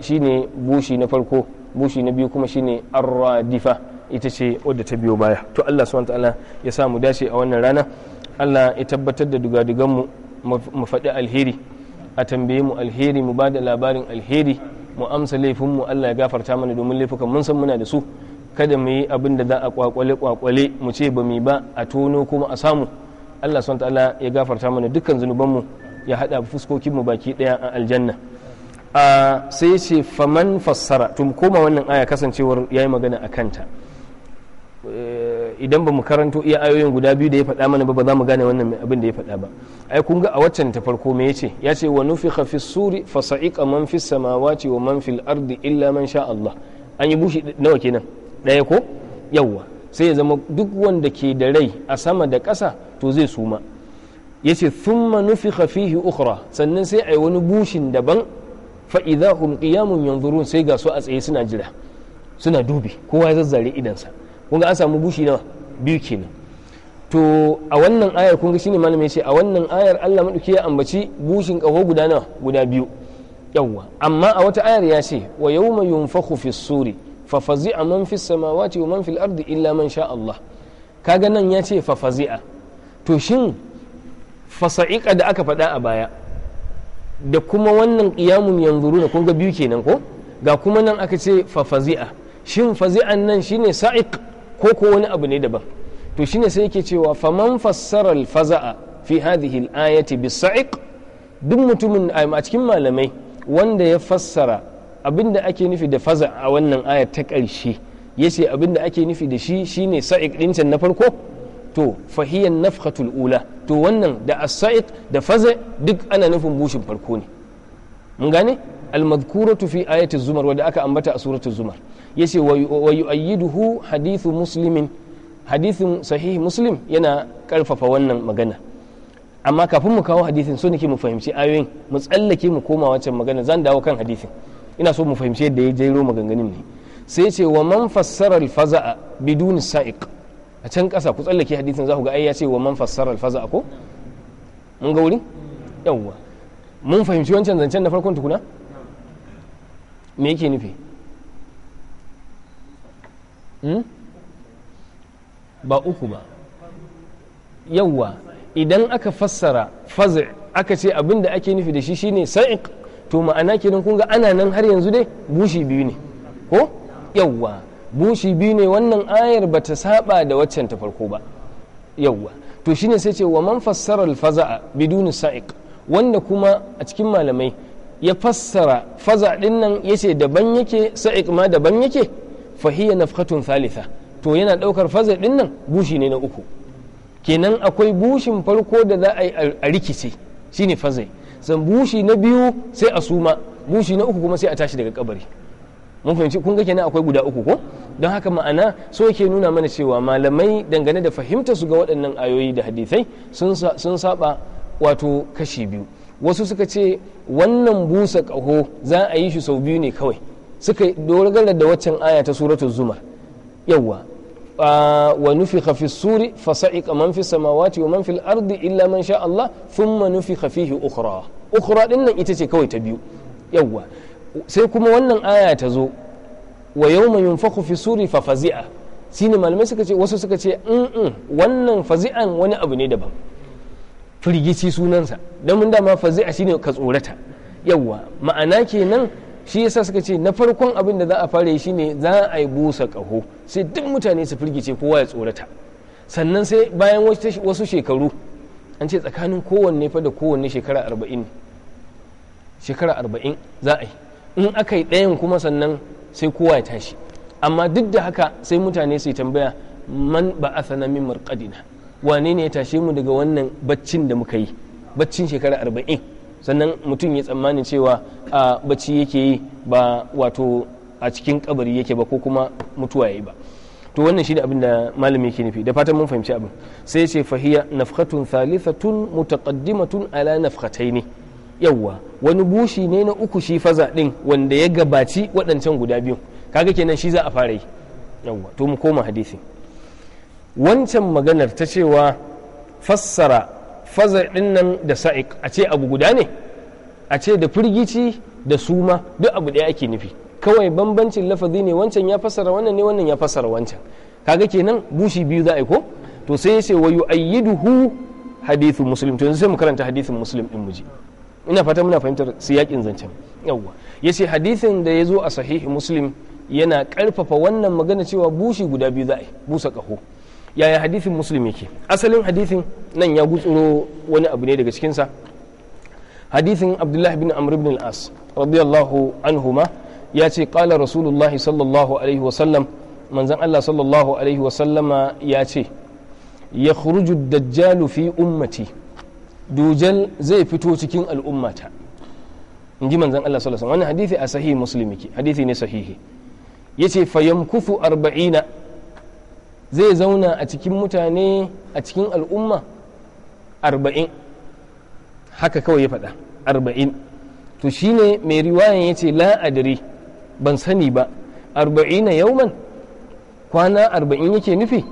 shine bushi na farko bushi na biyu kuma shine arradifa ita ce wadda ta biyo baya to allah subhanahu ta'ala ya sa mu dace a wannan rana allah ya tabbatar da dugadugan mu mu faɗi alheri a tambaye mu alheri mu bada labarin alheri mu amsa laifin mu allah ya gafarta mana domin laifukan mun san muna da su kada mu yi abin da za a kwakwale kwakwale mu ce ba mu ba a tono kuma a samu Allah subhanahu ta'ala ya gafarta mana dukkan zunubanmu ya haɗa fuskokin mu baki daya a aljanna a sai ce faman fassara tun koma wannan aya kasancewar ya yi magana a kanta eh, idan ba mu karanto iya ayoyin guda biyu da ya faɗa mana ba ba za mu gane wannan abin da ya faɗa ba ai kun ga a waccan ta farko me yace ya ce wa nufi khafis suri fa sa'iqa man fis samawati wa man fil ardi illa man sha Allah an yi bushi nawa kenan ɗaya ko yawwa sai ya zama duk wanda ke da rai a sama da ƙasa to zai suma ya ce thumma nufikha fihi ukhra sannan sai a yi wani bushin daban fa'iza hum qiyamun yanzurun sai ga su a tsaye suna jira suna dubi kowa ya zazzare idansa kun an samu bushi nawa biyu kenan to a wannan ayar kun ga shine malamai ce a wannan ayar Allah madauki ya ambaci bushin kaho guda nawa guda biyu yawwa amma a wata ayar ya ce wa yawma yunfakhu fi suri fa fazi'a man fi samawati wa man fil ardi illa man sha Allah kaga nan ya ce fa fazi'a to shin fasa'iƙa da aka faɗa a baya da kuma wannan ƙiyamun yanzuru na kunga biyu kenan ko ga kuma nan aka ce fafazi'a shin fazi'an nan shine sa'iq ko ko wani abu ne daban to shine sai yake cewa faman fassara al-faza'a fi hadhihi al-ayati bis-sa'iq duk mutumin a cikin malamai wanda ya fassara abinda ake nufi da faza a wannan ayar ta ƙarshe yace abinda ake nufi da shi shine sa'iq ɗin na farko to fahiyan nafhatul ula to wannan da as da faza duk ana nufin bushin farko ne mun gane al-madhkuratu fi ayati zumar wanda aka ambata a suratul zumar yace wa yu'ayyiduhu hadithu muslimin hadithin sahih muslim yana karfafa wannan magana amma kafin mu kawo hadithin so nake mu fahimci ayoyin mu tsallake mu koma wancan magana zan dawo kan hadithin ina so mu fahimci yadda ya jero maganganun ne sai ce wa man fassara al-faza'a biduni sa'iq a can ƙasa ku tsallake hadisin za ku ga ai ya ce wa man fassara alfaza ko mun ga wuri yawwa mun fahimci wancan zancen na farkon tukuna me yake nufi hmm? ba uku ba yawwa idan aka fassara fazi aka ce abin da ake nufi da shi shine sa'iq to ma'ana kenan kun ga ana nan har yanzu dai bushi biyu ne ko yawwa bushi biyu ne wannan ayar ba ta saba da waccan ta farko ba yawwa to shine sai ce wa man fassara alfaza'a biduni sa'iq wanda kuma a cikin malamai ya fassara faza din nan yace daban yake sa'iq ma daban yake fa hiya nafkhatun thalitha to yana daukar faza din nan bushi ne na uku kenan akwai bushin farko da za a yi a rikice shine faza san bushi na biyu sai a suma bushi na uku kuma sai a tashi daga kabari mun fahimci kun ga kenan akwai guda uku ko don haka ma'ana so ke nuna mana cewa malamai dangane da fahimtar su ga waɗannan ayoyi da hadisai sun saba wato kashi biyu wasu suka ce wannan busa ƙaho za a yi shi sau biyu ne kawai suka dogara da waccan aya ta suratul zumar yawa wa nufikha fi suri fa sa'iqa man fi samawati wa man fil ardi illa man sha Allah thumma nufikha fihi ukhra ukhra din ita ce kawai ta biyu yawa. sai kuma wannan aya ta zo wa yawma yunfakhu fi suri fa fazi'a shine malamai suka ce wasu suka ce in mm, mm, wannan fazi'an wani abu ne daban firgici sunansa don mun dama fazi'a shine ka tsorata yawwa ma'ana kenan shi yasa suka ce na farkon abin da za a fara yi shine za a yi busa kaho sai duk mutane su firgice kowa ya tsorata sannan sai bayan wasu shekaru an ce tsakanin kowanne fa da kowanne shekara arba'in shekara arba'in za a yi in aka yi ɗayan kuma sannan sai kowa ya tashi amma duk da haka sai mutane su tambaya man ba a sana min marƙadina wane ne ya tashe mu daga wannan baccin da muka yi baccin shekara arba'in sannan mutum ya tsammanin cewa a bacci yake yi ba wato a cikin kabari yake ba ko kuma mutuwa ya yi ba to wannan shine abin da malami yake nufi da fatan mun fahimci abin sai ce fahiya nafkatun thalithatun mutaqaddimatun ala nafkatai ne. yawwa wani bushi ne na uku shi faza din wanda ya gabaci waɗancan guda biyu kaga kenan shi za a fara yi yawwa to mu koma hadisi wancan maganar ta cewa fassara faza din nan da sa'iq a ce abu guda ne a ce da firgici da suma duk abu ɗaya ake nufi kawai bambancin lafazi ne wancan ya fassara wannan ne wannan ya fassara wancan kaga kenan bushi biyu za a yi ko to sai ya ce wa yu'ayyiduhu hadithu muslim to yanzu sai mu karanta hadithin muslim din mu je. ina fata muna fahimtar siyakin zancen yawwa yace hadisin da ya zo a sahihi muslim yana karfafa wannan magana cewa bushi guda biyu za a busa kaho yaya hadisin muslim yake asalin hadisin nan ya gutsuro wani abu ne daga cikinsa hadisin abdullahi bin amr ibn al-as radiyallahu anhuma ya ce kala rasulullahi sallallahu alaihi wasallam manzan allah sallallahu alaihi wasallama ya ce ya dajjalu fi ummati dujal zai fito cikin al'ummata in ji manzan Allah sallallahu alaihi wannan hadithi a sahihi muslimi yake hadithi ne sahihi yace kufu arba'ina zai zauna a cikin mutane a cikin al'umma arba'in haka kawai ya faɗa arba'in to shine mai riwayan yace la adri ban sani ba arba'ina yauman kwana arba'in yake nufi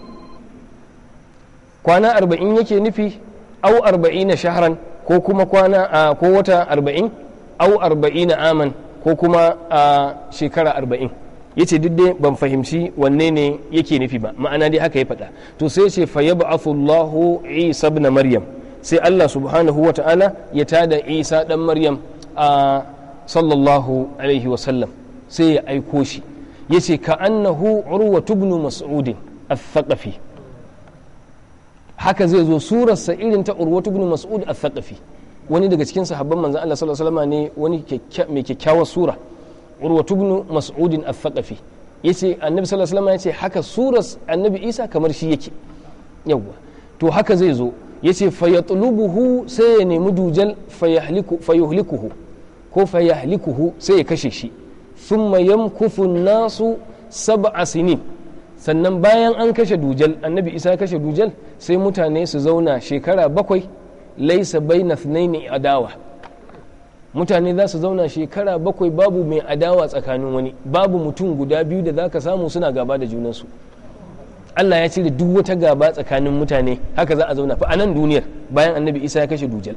kwana arba'in yake nufi au arba'ina shaharan ko kuma kwana a wata arba'in au arba'ina aman ko kuma a shekara arba'in yace duk dai ban fahimci wanne ne yake nufi ba ma'ana dai haka ya faɗa to sai ce fa yaba afullahu Isa ibn Maryam sai Allah subhanahu wa ta'ala ya tada Isa dan Maryam a sallallahu alaihi wa sai ya aiko shi yace ka annahu urwa ibn mas'ud al-thaqafi haka zai zo surarsa irin ta urwatu ibn mas'ud al-thaqafi wani daga cikin sahabban manzon Allah sallallahu alaihi wasallam ne wani mai kyakkyawar sura urwatu ibn mas'ud al-thaqafi yace annabi sallallahu alaihi wasallam yace haka surar annabi Isa kamar shi yake yawa to haka zai zo yace fayatlubuhu sai ya nemi dujal fayahliku fayuhlikuhu ko fayahlikuhu sai ya kashe shi thumma yamkuthu an-nasu sab'a sinin sannan bayan an kashe dujal annabi isa kashe dujal sai mutane su zauna shekara bakwai laisa bai adawa mutane za su zauna shekara bakwai babu mai adawa tsakanin wani babu mutum guda biyu da za ka samu suna gaba da junansu allah ya cire duk wata gaba tsakanin mutane haka za a zauna fa a nan duniyar bayan annabi isa ya kashe dujal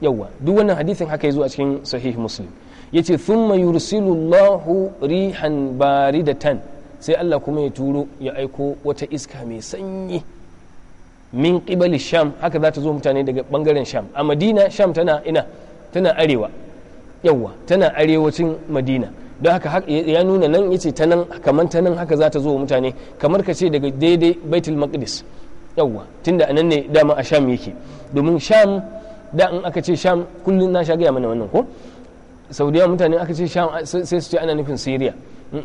yawwa duk wannan hadisin haka ya zo a cikin sahih muslim ya yace thumma yursilullahu rihan baridatan sai Allah kuma ya turo ya aiko wata iska mai sanyi min ƙibali sham haka za ta zo mutane daga bangaren sham a madina sham tana ina tana arewa yawwa tana arewacin madina don haka ya nuna nan ya ce ta nan kamar ta nan haka za ta zo mutane kamar ka ce daga daidai baitul maqdis yawwa tunda nan ne dama a sham yake domin sham da in aka ce sham kullum na sha gaya mana wannan ko saudiya mutane aka ce sham sai su ce ana nufin syria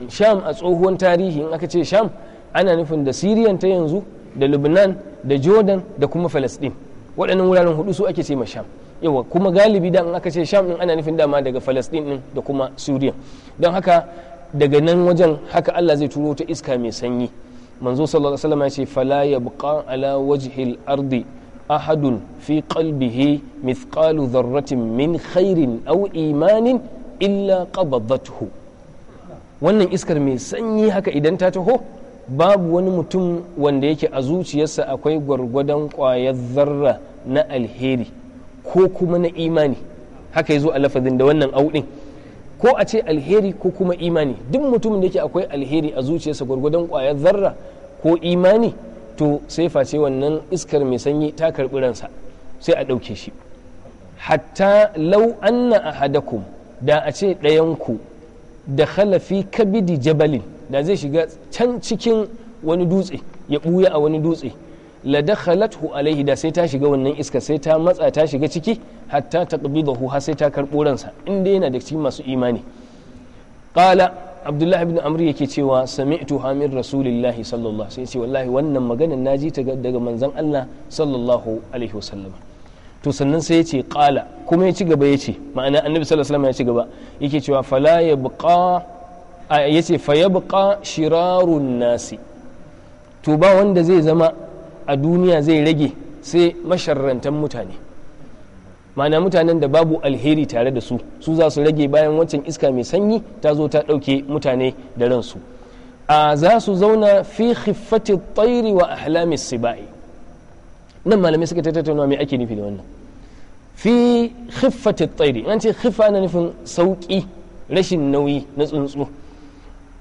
sham a tsohuwan tarihi in aka ce sham ana nufin da siriyan ta yanzu da lubnan da jordan da kuma falastin waɗannan wuraren hudu su ake ce ma sham yawa kuma galibi da in aka ce sham din ana nufin dama daga falastin din da kuma suriya don haka daga nan wajen haka allah zai turo ta iska mai sanyi manzo sallallahu alaihi ya ce fala yabqa ala wajhil ardi ahadun fi qalbihi mithqalu dharratin min khairin aw imanin illa qabadathu wannan iskar mai sanyi haka idan ta taho babu wani mutum wanda yake a zuciyarsa akwai gwargwadon kwayar zarra na alheri ko kuma na imani haka yazo a lafazin da wannan auɗin ko a ce alheri ko kuma imani duk mutumin da yake akwai alheri a zuciyarsa gwargwadon kwayar zarra ko imani to sai face wannan iskar mai sanyi ta karɓi ransa sai a ɗauke shi hatta lau anna ahadakum da a ce ɗayanku da khalafi kabidi jabalin da zai shiga can cikin wani dutse ya ɓuya a wani dutse la dakhalathu alaihi da sai ta shiga wannan iska sai ta matsa ta shiga ciki hatta taqbidahu har sai ta karɓo ransa inda yana da cikin masu imani ƙala abdullahi ibn amr yake cewa sami'tu hamid rasulillahi sallallahu sai ce wallahi wannan maganar naji ta daga manzon Allah sallallahu alaihi wasallam to sannan sai ya ce ƙala kuma ya ci gaba ya ce ma'ana annabi sallallahu alaihi ya ci gaba yake cewa fala ya yace fa ya buƙa shirarun nasi to ba wanda zai zama a duniya zai rage sai masharrantan mutane ma'ana mutanen da babu alheri tare da su su za su rage bayan wancan iska mai sanyi ta zo ta ɗauke mutane da ransu a za su zauna fi khiffati tsairi wa ahlamis sibai nan malamai suka tattauna me ake nufi da wannan fi khiffati tsairi an ce khiffa na nufin sauki rashin nauyi na tsuntsu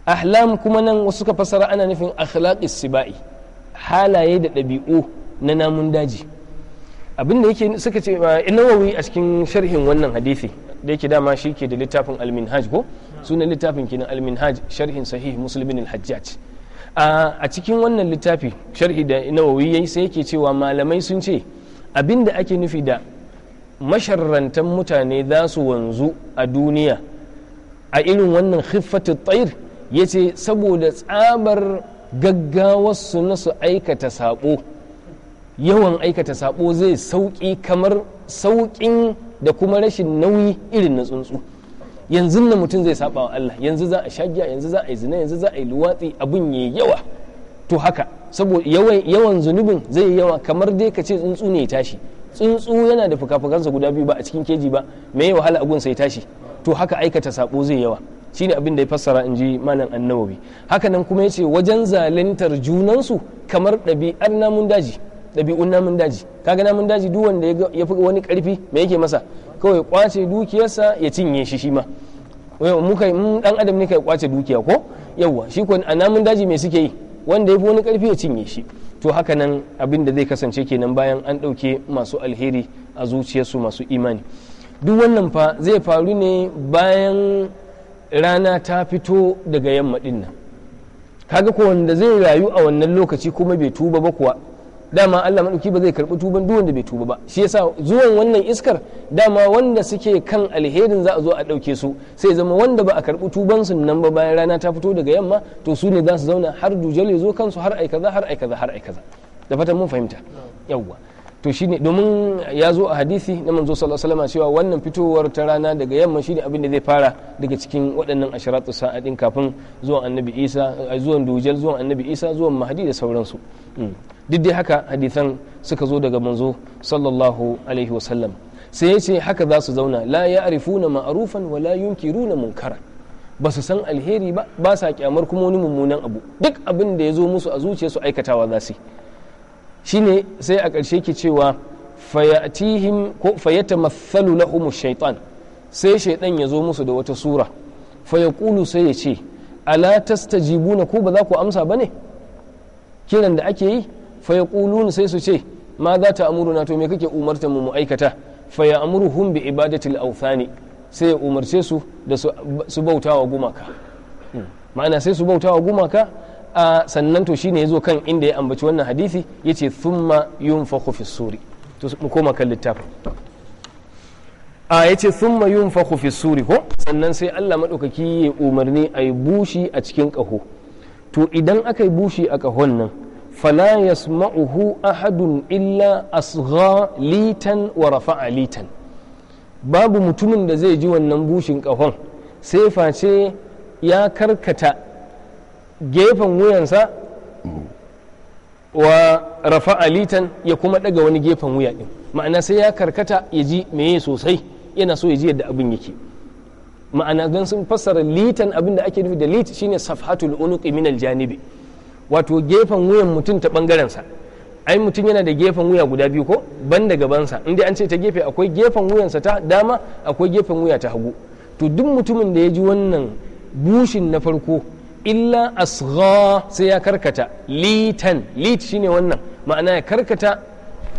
ahlam kuma nan wasu suka fasara ana nufin akhlaqis sibai halaye da ɗabi'u na namun daji abin da yake suka ce ah, nawawi a cikin sharhin wannan hadisi da yake dama shi ke da littafin alminhaj ko sunan littafin kenan alminhaj sharhin sahih muslimin al a cikin wannan littafi sharhi da nawawi yayi sai yake cewa malamai sun ce abin da ake nufi da masharrantan mutane za su wanzu a duniya a irin wannan khiffatu tsayir ya ce saboda tsabar gaggawarsu na su aikata sako yawan aikata sako zai sauƙi kamar sauƙin da kuma rashin nauyi irin na tsuntsu yanzu nan mutum zai saba wa Allah yanzu za a shagiya yanzu za a yi zina yanzu za a yi luwatsi abun yayi yawa to haka saboda yawan zunubin zai yi yawa kamar dai ka ce tsuntsu ne ya tashi tsuntsu yana da fuka-fukansa guda biyu ba a cikin keji ba me ya wahala agun sai tashi to haka aikata sabo zai yawa shine abin da ya fassara in ji malam annawawi haka nan kuma ce wajen zalintar junansu kamar ɗabi'ar namun daji ɗabi'un namun daji kaga namun daji duk wanda ya fi wani karfi me yake masa kawai kwace dukiyarsa ya cinye shi shi ma kai mun dan adam ne kai kwace dukiya ko yawa shi ko namun daji me suke yi wanda ya fi wani karfi ya cinye shi to haka nan abin da zai kasance kenan bayan an ɗauke masu alheri a zuciyarsu masu imani duk wannan fa zai faru ne bayan rana ta fito daga yamma ɗin nan kaga ko wanda zai rayu a wannan lokaci kuma bai tuba ba kuwa dama Allah madauki ba zai karbi tuban duk wanda bai tuba ba shi yasa zuwan wannan iskar dama wanda suke kan alherin za a zo a dauke su sai zama wanda ba a karbi tuban su nan ba bayan rana ta fito daga yamma to su ne za su zauna har dujal ya zo kansu har ai kaza har ai kaza har ai kaza da fatan mun fahimta yawwa to shine domin ya zo a hadisi na manzo sallallahu alaihi wasallam cewa wannan fitowar ta rana daga yamma shine abin da zai fara daga cikin waɗannan asharatu sa'adin kafin zuwan annabi Isa zuwan dujal zuwan annabi Isa zuwan mahdi da sauransu mm. duk dai haka hadisan suka zo daga manzo sallallahu alaihi wasallam sai ya ce haka za su zauna la ya'rifuna ma'rufan wa la yunkiruna munkara ba su san alheri ba ba sa kyamar kuma wani mummunan abu duk abin da ya zo musu a zuciyarsu aikatawa za su yi shine sai a ƙarshe ke cewa fayatihim ko fayata mathalu lahum shaitan sai shaitan ya zo musu da wata sura fayaqulu sai ya ce ala tastajibuna ko ba za ku amsa ba ne? kiran da ake yi fayaqulun sai su ce ma za ta amuruna to me kake umarta mu mu aikata fayamuruhum bi ibadatil awthani sai ya umarce su da su bautawa gumaka hmm. ma'ana sai su bautawa gumaka a sannan to shine yazo kan inda ya ambaci wannan hadisi yace thumma yunfakhu fi suri to mu koma kan littafin a yace thumma yunfakhu fi suri ko sannan sai Allah madaukaki ya umarni a yi bushi a cikin kaho to idan aka yi bushi a kahon nan fala yasma'uhu ahadun illa asgha litan wa rafa'a litan babu mutumin da zai ji wannan bushin kahon sai face ya karkata gefen wuyansa wa rafa alitan ya kuma daga wani gefen wuya din ma'ana sai ya karkata ya ji meye sosai yana so ya ji yadda abin yake ma'ana gan sun fassara litan abin da ake nufi da lit shine safhatul unuqi min janibi wato gefen wuyan mutum ta bangaren sa ai mutum yana da gefen wuya guda biyu ko ban da gabansa inda an ce ta gefe akwai gefen wuyansa ta dama akwai gefen wuya ta hagu to duk mutumin da ya ji wannan bushin na farko illa asgha sai ya karkata litan lit shine wannan ma'ana ya karkata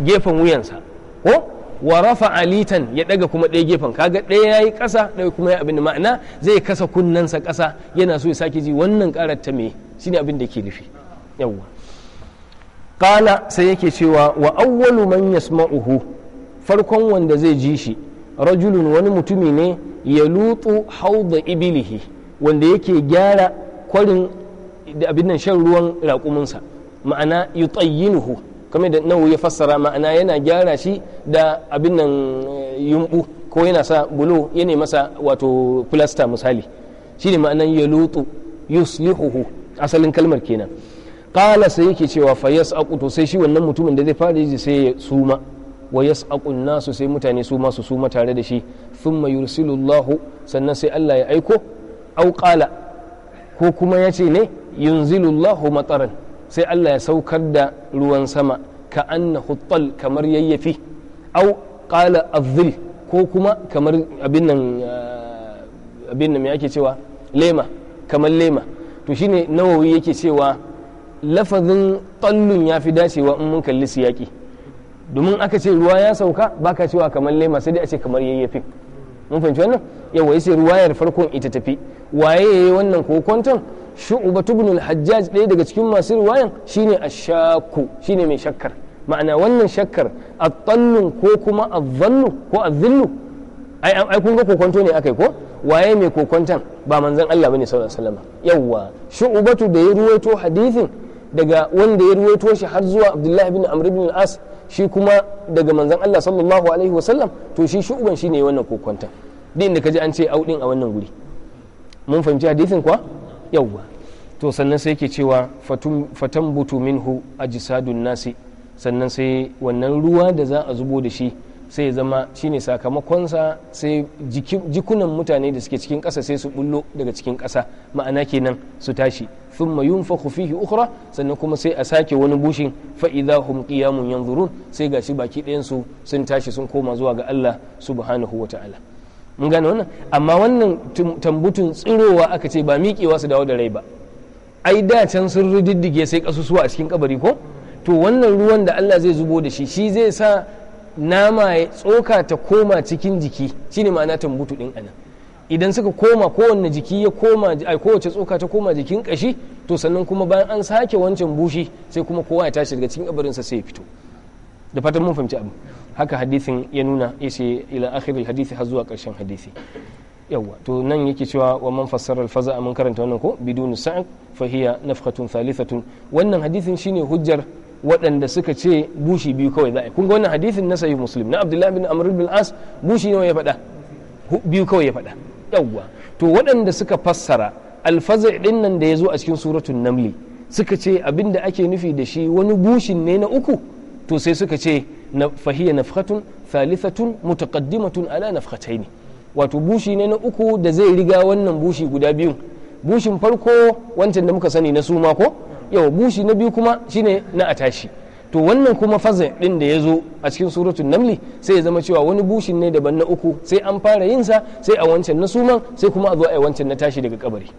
gefen wuyansa ko wa rafa litan ya daga kuma ɗaya gefen kaga ɗaya yayi kasa ɗaya kuma ya abin da ma'ana zai kasa kunnensa ƙasa yana so ya sake ji wannan ƙarar ta me shine abin da ke nufi yawwa qala sai yake cewa wa awwalu man yasma'uhu farkon wanda zai ji shi rajulun wani mutumi ne ya lutu hauda ibilihi wanda yake gyara kwarin da abin nan shan ruwan raƙuminsa ma'ana yutayyinuhu kamar da nawo ya fassara ma'ana yana gyara shi da abin nan eh, yumbu ko yana sa bulo ya ne masa wato filasta misali Shi shine ma'anan yalutu yuslihuhu asalin kalmar kenan Ƙala sai yake cewa fayas yas'aqu to sai shi wannan mutumin da zai fara ji sai ya suma wa yas'aqu nasu sai mutane suma su suma tare da shi thumma yursilullahu sannan sai Allah ya aiko au ƙala. ko kuma ya ce ne yunzilullahu matsaran sai Allah ya saukar da ruwan sama ka annahu hutal kamar yayyafi au qala azzil ko kuma kamar abin nan eh, abin nan me ake cewa lema kamar lema to shine nawawi yake cewa lafazin tallun ya fi dacewa in mun kalli siyaki domin aka ce ruwa ya sauka baka cewa kamar lema sai dai a ce kamar yayyafin mun fahimci wannan yawa sai ruwayar farkon ita tafi waye yayi wannan kwanton shu'ba ibn al-hajjaj ɗaya daga cikin masu ruwayan shine ashaku shine mai shakkar ma'ana wannan shakkar at-tallun ko kuma az-zallu ko az-zillu ai ai kun ga kokonto ne akai ko waye mai kokonton ba manzon Allah bane sallallahu alaihi wasallam yawa shu'batu da ya ruwaito hadisin daga wanda ya ruwaito shi har zuwa Abdullahi bin Amr ibn al-As shi kuma daga manzon Allah sallallahu alaihi wasallam to shi shi shine wannan kokonta din da kaji an ce audin a wannan guri mun fahimci hadisin kuwa yawwa to sannan sai yake cewa fatan butu minhu ajsadun nasi sannan sai wannan ruwa da za a zubo da shi sai ya zama shine sakamakonsa sai jikunan mutane da suke cikin ƙasa sai su bullo daga cikin ƙasa ma'ana kenan su tashi ثم ينفخ فيه ukhra sannan kuma sai a sake wani bushin fa idza hum qiyamun yanzurun sai gashi baki ɗayan sun tashi sun koma zuwa ga Allah subhanahu mun wannan amma wannan tambutun tsirowa aka ce ba miƙewa su dawo da rai ba ai da can sun rididdige sai kasusuwa a cikin kabari ko to wannan ruwan da Allah zai zubo da shi shi zai sa nama ya tsoka ta koma cikin jiki shine ma'ana tambutu din anan idan suka koma kowanne jiki ya koma a kowace tsoka ta koma jikin kashi to sannan kuma bayan an sake wancan bushi sai kuma kowa ya tashi daga cikin kabarinsa sai ya fito da fatan mun fahimci abu haka hadisin ya nuna yace ila akhiril hadisi har zuwa karshen hadisi yawa to nan yake cewa wa man fassara alfaza mun karanta wannan ko bidun sa'id fa hiya nafkhatun thalithatun wannan hadisin shine hujjar waɗanda suka ce bushi biyu kawai za a kun ga wannan hadisin na sahih muslim na abdullahi bin amr bin as bushi ne ya faɗa biyu kawai ya faɗa yawwa to waɗanda suka fassara alfaza ɗinnan da ya zo a cikin suratun namli suka ce abin da ake nufi da shi wani bushin ne na uku to sai suka ce na fahiya nafhatun thalithatun mutaqaddimatun ala nafhataini wato bushi ne na uku da zai riga wannan bushi guda biyun bushin farko wancan da muka sani na suma ko yau bushi na biyu kuma shine na atashi to wannan kuma faza din da ya zo a cikin suratun namli sai ya zama cewa wani bushin ne daban na uku sai an fara yin sa sai a wancan na suman sai kuma a zo a wancan na tashi daga kabari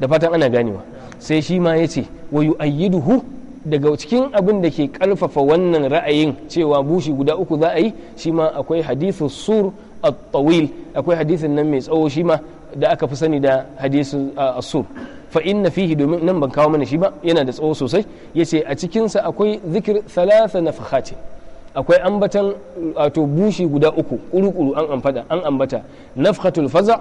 da fatan ana ganewa sai shi ma ya ce wa yu'ayyiduhu daga cikin abin da ke karfafa wannan ra'ayin cewa bushi guda uku za a yi shi ma akwai hadisi sur at-tawil akwai hadithin nan mai tsawo shi ma da aka fi sani da hadisin as-sur fa inna fihi domin nan ban kawo mana shi ba yana da tsawo sosai ce a cikinsa akwai zikir thalatha fahati akwai ambatan wato bushi guda uku kuru-kuru an amfada an ambata nafhatul faza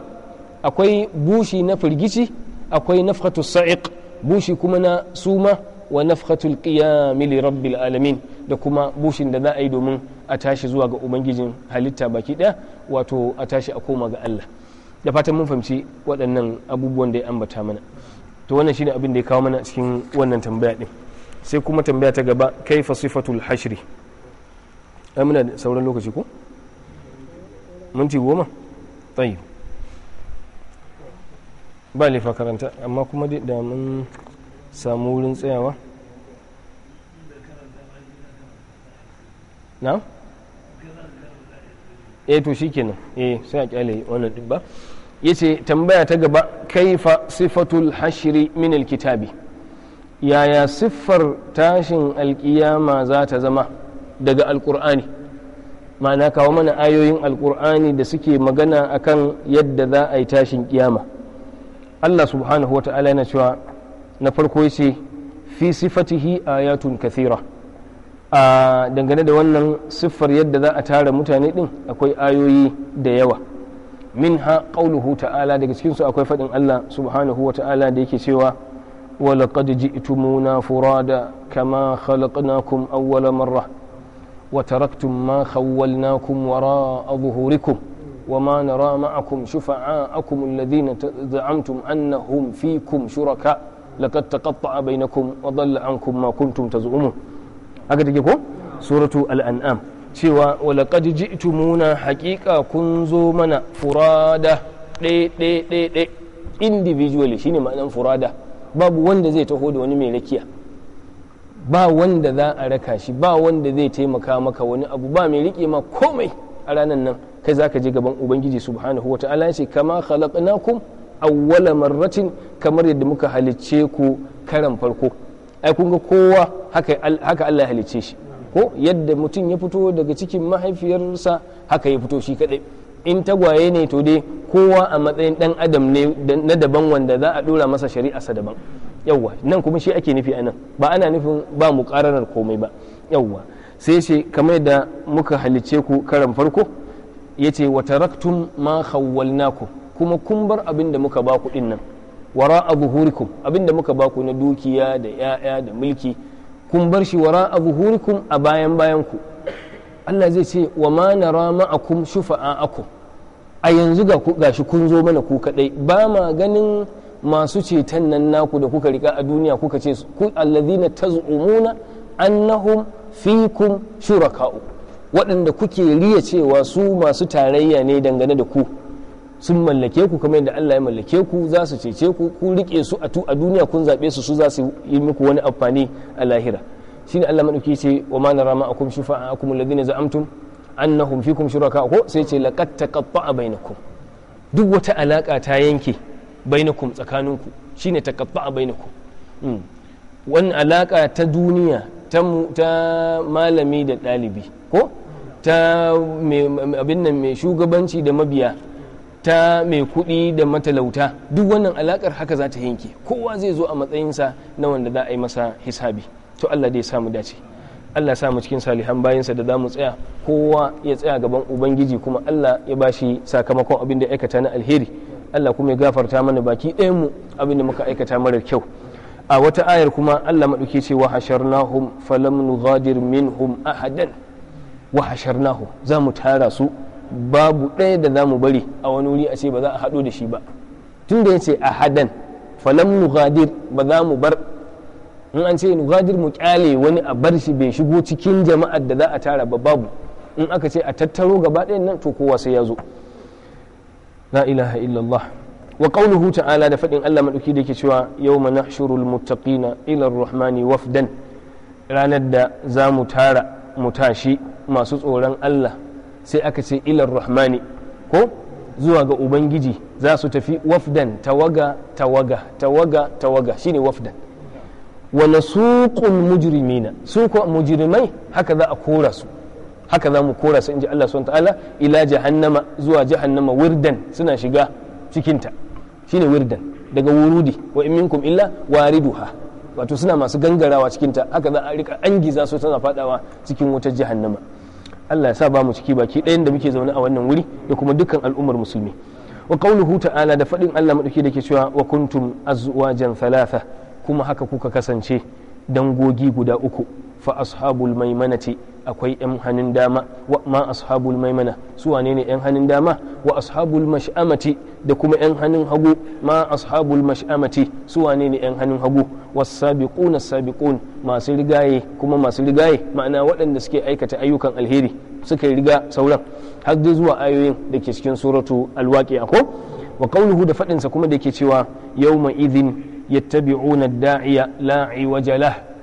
akwai bushi na firgici akwai nafhatul sa'iq bushi kuma na suma wa nafhatul qiyami li rabbil alamin da kuma bushin da za a yi domin a tashi zuwa ga ubangijin halitta baki daya wato a tashi a koma ga Allah da fatan mun fahimci waɗannan abubuwan da ya ambata mana to wannan shine abin da ya kawo mana cikin wannan tambaya din sai kuma tambaya ta gaba fa sifatul hashri ai muna da sauran lokaci ko minti goma tsayi ba laifa karanta amma kuma da mun samu wurin tsayawa na? eh to shi kenan eh sai a kyale wannan ba yace tambaya ta gaba kaifa sifatul hashri min alkitabi yaya siffar tashin alkiyama za ta zama daga alkur'ani ma'ana kawo mana ayoyin alkur'ani da suke magana akan yadda za a yi tashin kiyama allah subhanahu wa ta'ala yana cewa na farko ya ce fi sifatihi ayatun kathira a dangane da wannan siffar yadda za a tara mutane din akwai ayoyi da yawa minha qauluhu ta'ala daga cikin su akwai faɗin Allah subhanahu wa ta'ala da yake cewa wa laqad ji'tumuna furada kama khalaqnakum awwala marra wa taraktum ma khawwalnakum wara'a zuhurikum وما نرى معكم شفعاءكم الذين زعمتم أنهم فيكم شركاء لقد تقطع بينكم وضل عنكم ما كنتم تزعمون هكذا سورة الأنعام cewa walaqad itumuna hakika kun zo mana furada ɗe ɗe individually shine ma'anan furada babu wanda zai taho da wani mai rakiya ba wanda za a raka shi ba wanda zai taimaka maka wani abu ba mai rike ma komai a ranar nan kai za ka je gaban ubangiji subhanahu ta'ala ce kama khalaqnakum awwala marratin kamar yadda muka halicce ku karan farko ai kun ga kowa haka Allah halicce shi ko yadda mutum ya fito daga cikin mahaifiyarsa haka ya fito shi kadai in tagwaye ne to dai kowa a matsayin dan adam ne na daban wanda za a dora masa shari'arsa daban yawwa nan kuma shi ake nufi anan ba ana nufin ba mu kararar komai ba yawwa sai ce kamar da muka halice ku karan farko yace wa taraktum ma khawwalnaku kuma kun bar abin da muka ba ku dinnan nan wara abuhurikum abin da muka ba ku na dukiya da 'ya'ya da mulki kun bar shi wara abu buhurikun a bayan bayan ku Allah zai ce wa ma a ma'akum shufa a a yanzu ga gashi kun zo mana ku kadai ba ma ganin masu ceton nan naku da kuka rika a duniya kuka ce ku allazina taz'umuna annahum fikum shuraka'u waɗanda kuke riya cewa su masu tarayya ne dangane da ku sun mallake ku kamar yadda Allah ya mallake ku za su cece ku ku rike su a tu a duniya kun zabe su su za su yi muku wani amfani a lahira shine Allah madauki ce wa ma nara ma'akum shufa'akum alladhina za'amtum annahum fikum shuraka ko sai ce laqad taqatta'a bainakum duk wata alaka ta yanke bainakum tsakaninku shine taqatta'a bainakum hmm. wani alaka ta duniya ta malami da ɗalibi ko ta abin nan mai shugabanci da mabiya ta mai kuɗi da matalauta duk wannan alakar haka za ta yanke kowa zai zo a matsayinsa na wanda za a yi masa hisabi to Allah dai samu dace Allah samu cikin salihan bayansa da za mu tsaya kowa ya tsaya gaban ubangiji kuma Allah ya bashi sakamakon abin da aikata na alheri Allah kuma ya gafarta mana baki ɗayan mu abin da muka aikata marar kyau a wata ayar kuma Allah maɗauki ce wa hasharnahum falam nughadir minhum ahadan wa hasharnahum za mu tara su babu ɗaya da zamu bari a wani wuri a ce ba za a haɗo da shi ba tun da yace ahadan falam nughadir ba za mu bar in an ce nughadir mu kyale wani a bar shi bai shigo cikin jama'ar da za a tara ba babu in aka ce a tattaro gaba ɗayan nan to kowa sai ya zo la ilaha illallah wa qawluhu ta'ala da fadin Allah madauki da yake cewa yawma nahshurul muttaqina ila ar-rahmani wafdan ranar da zamu tara mutashi masu tsoron Allah sai aka ce ilar rahmani ko zuwa ga ubangiji za su tafi wafdan tawaga tawaga tawaga tawaga shine wafdan wani sukun mujrimina su mujrimai haka za a kora su haka za mu kora su inji Allah subhanahu ta'ala ila jahannama zuwa jahannama wirdan suna shiga cikinta shine wirdan daga wurudi wa in minkum illa wariduha wato suna masu gangarawa cikinta haka za a rika angiza su tana fadawa cikin wutar jahannama Allah ya sa ba mu ciki baki ɗayan da muke zaune a wannan wuri da kuma dukkan al'ummar musulmi wa qauluhu ta'ala da faɗin Allah madauki da ke cewa wa kuntum azwajan thalatha kuma haka kuka kasance dangogi guda uku fa ashabul maimanati akwai yan hannun dama wa ma ashabul maimana su wane ne yan hannun dama wa ashabul mash'amati da kuma yan hannun hagu ma ashabul mash'amati su wane ne yan hannun hagu wasabiquna sabiqun masu rigaye kuma masu rigaye ma'ana waɗanda suke aikata ayyukan alheri suka riga sauran har dai zuwa ayoyin da ke cikin suratu alwaqi'a ko wa qawluhu da faɗinsa kuma da ke cewa yawma idhin yattabi'una ad-da'iya la iwaja lahu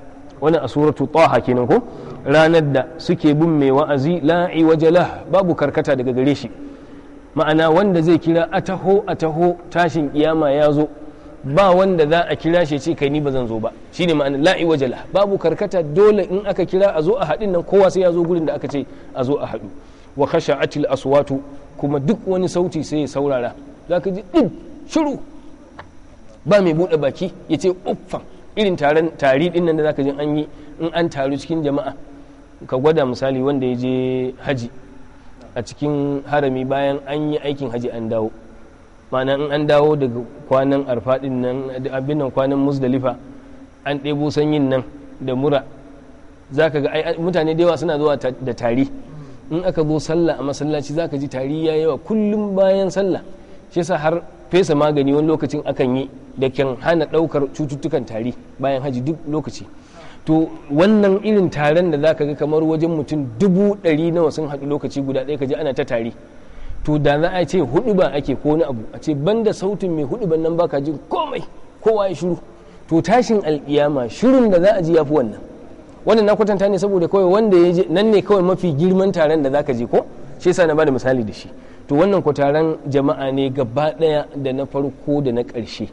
a suratu taha kenan ko ranar da suke bin mai wa'azi la'i wajalah babu karkata daga gare shi ma'ana wanda zai kira a taho a taho tashin kiyama ya zo ba wanda za a kira shi ce kai ni ba zan zo ba shine ma'ana la'i wajalah babu karkata dole in aka kira a zo a haɗin nan kowa sai ya zo gurin da aka ce a zo a haɗu wa khasha'atil aswatu kuma duk wani sauti sai ya saurara zaka ji din shiru ba mai buɗe baki ya ce uffan irin taron tari ɗin nan da zaka ji an yi in an taru cikin jama'a ka gwada misali wanda ya je haji a cikin harami bayan an yi aikin haji an dawo ma'ana an dawo daga kwanan arfaɗin nan abin nan kwanan musdalifa an ɗebo sanyin nan da mura za ka ga mutane da yawa suna zuwa da tari in aka zo sallah a masallaci za ka ji tari ya yawa kullum bayan sallah shi yasa har fesa magani wani lokacin akan yi da kyan hana ɗaukar cututtukan tari bayan haji duk lokaci to wannan irin taron da za ka ga kamar wajen mutum dubu ɗari nawa sun haɗu lokaci guda ɗaya ka ji ana ta tare to da za a ce hudu ba ake ko wani abu a ce banda sautin mai hudu ban nan baka jin komai kowa ya shiru to tashin alkiyama shirin da za a ji ya fi wannan wannan na kwatanta ne saboda kawai wanda ya je nan ne kawai mafi girman taron da zaka je ko shi yasa na bada misali da shi to wannan ko taron jama'a ne gaba ɗaya da na farko da na ƙarshe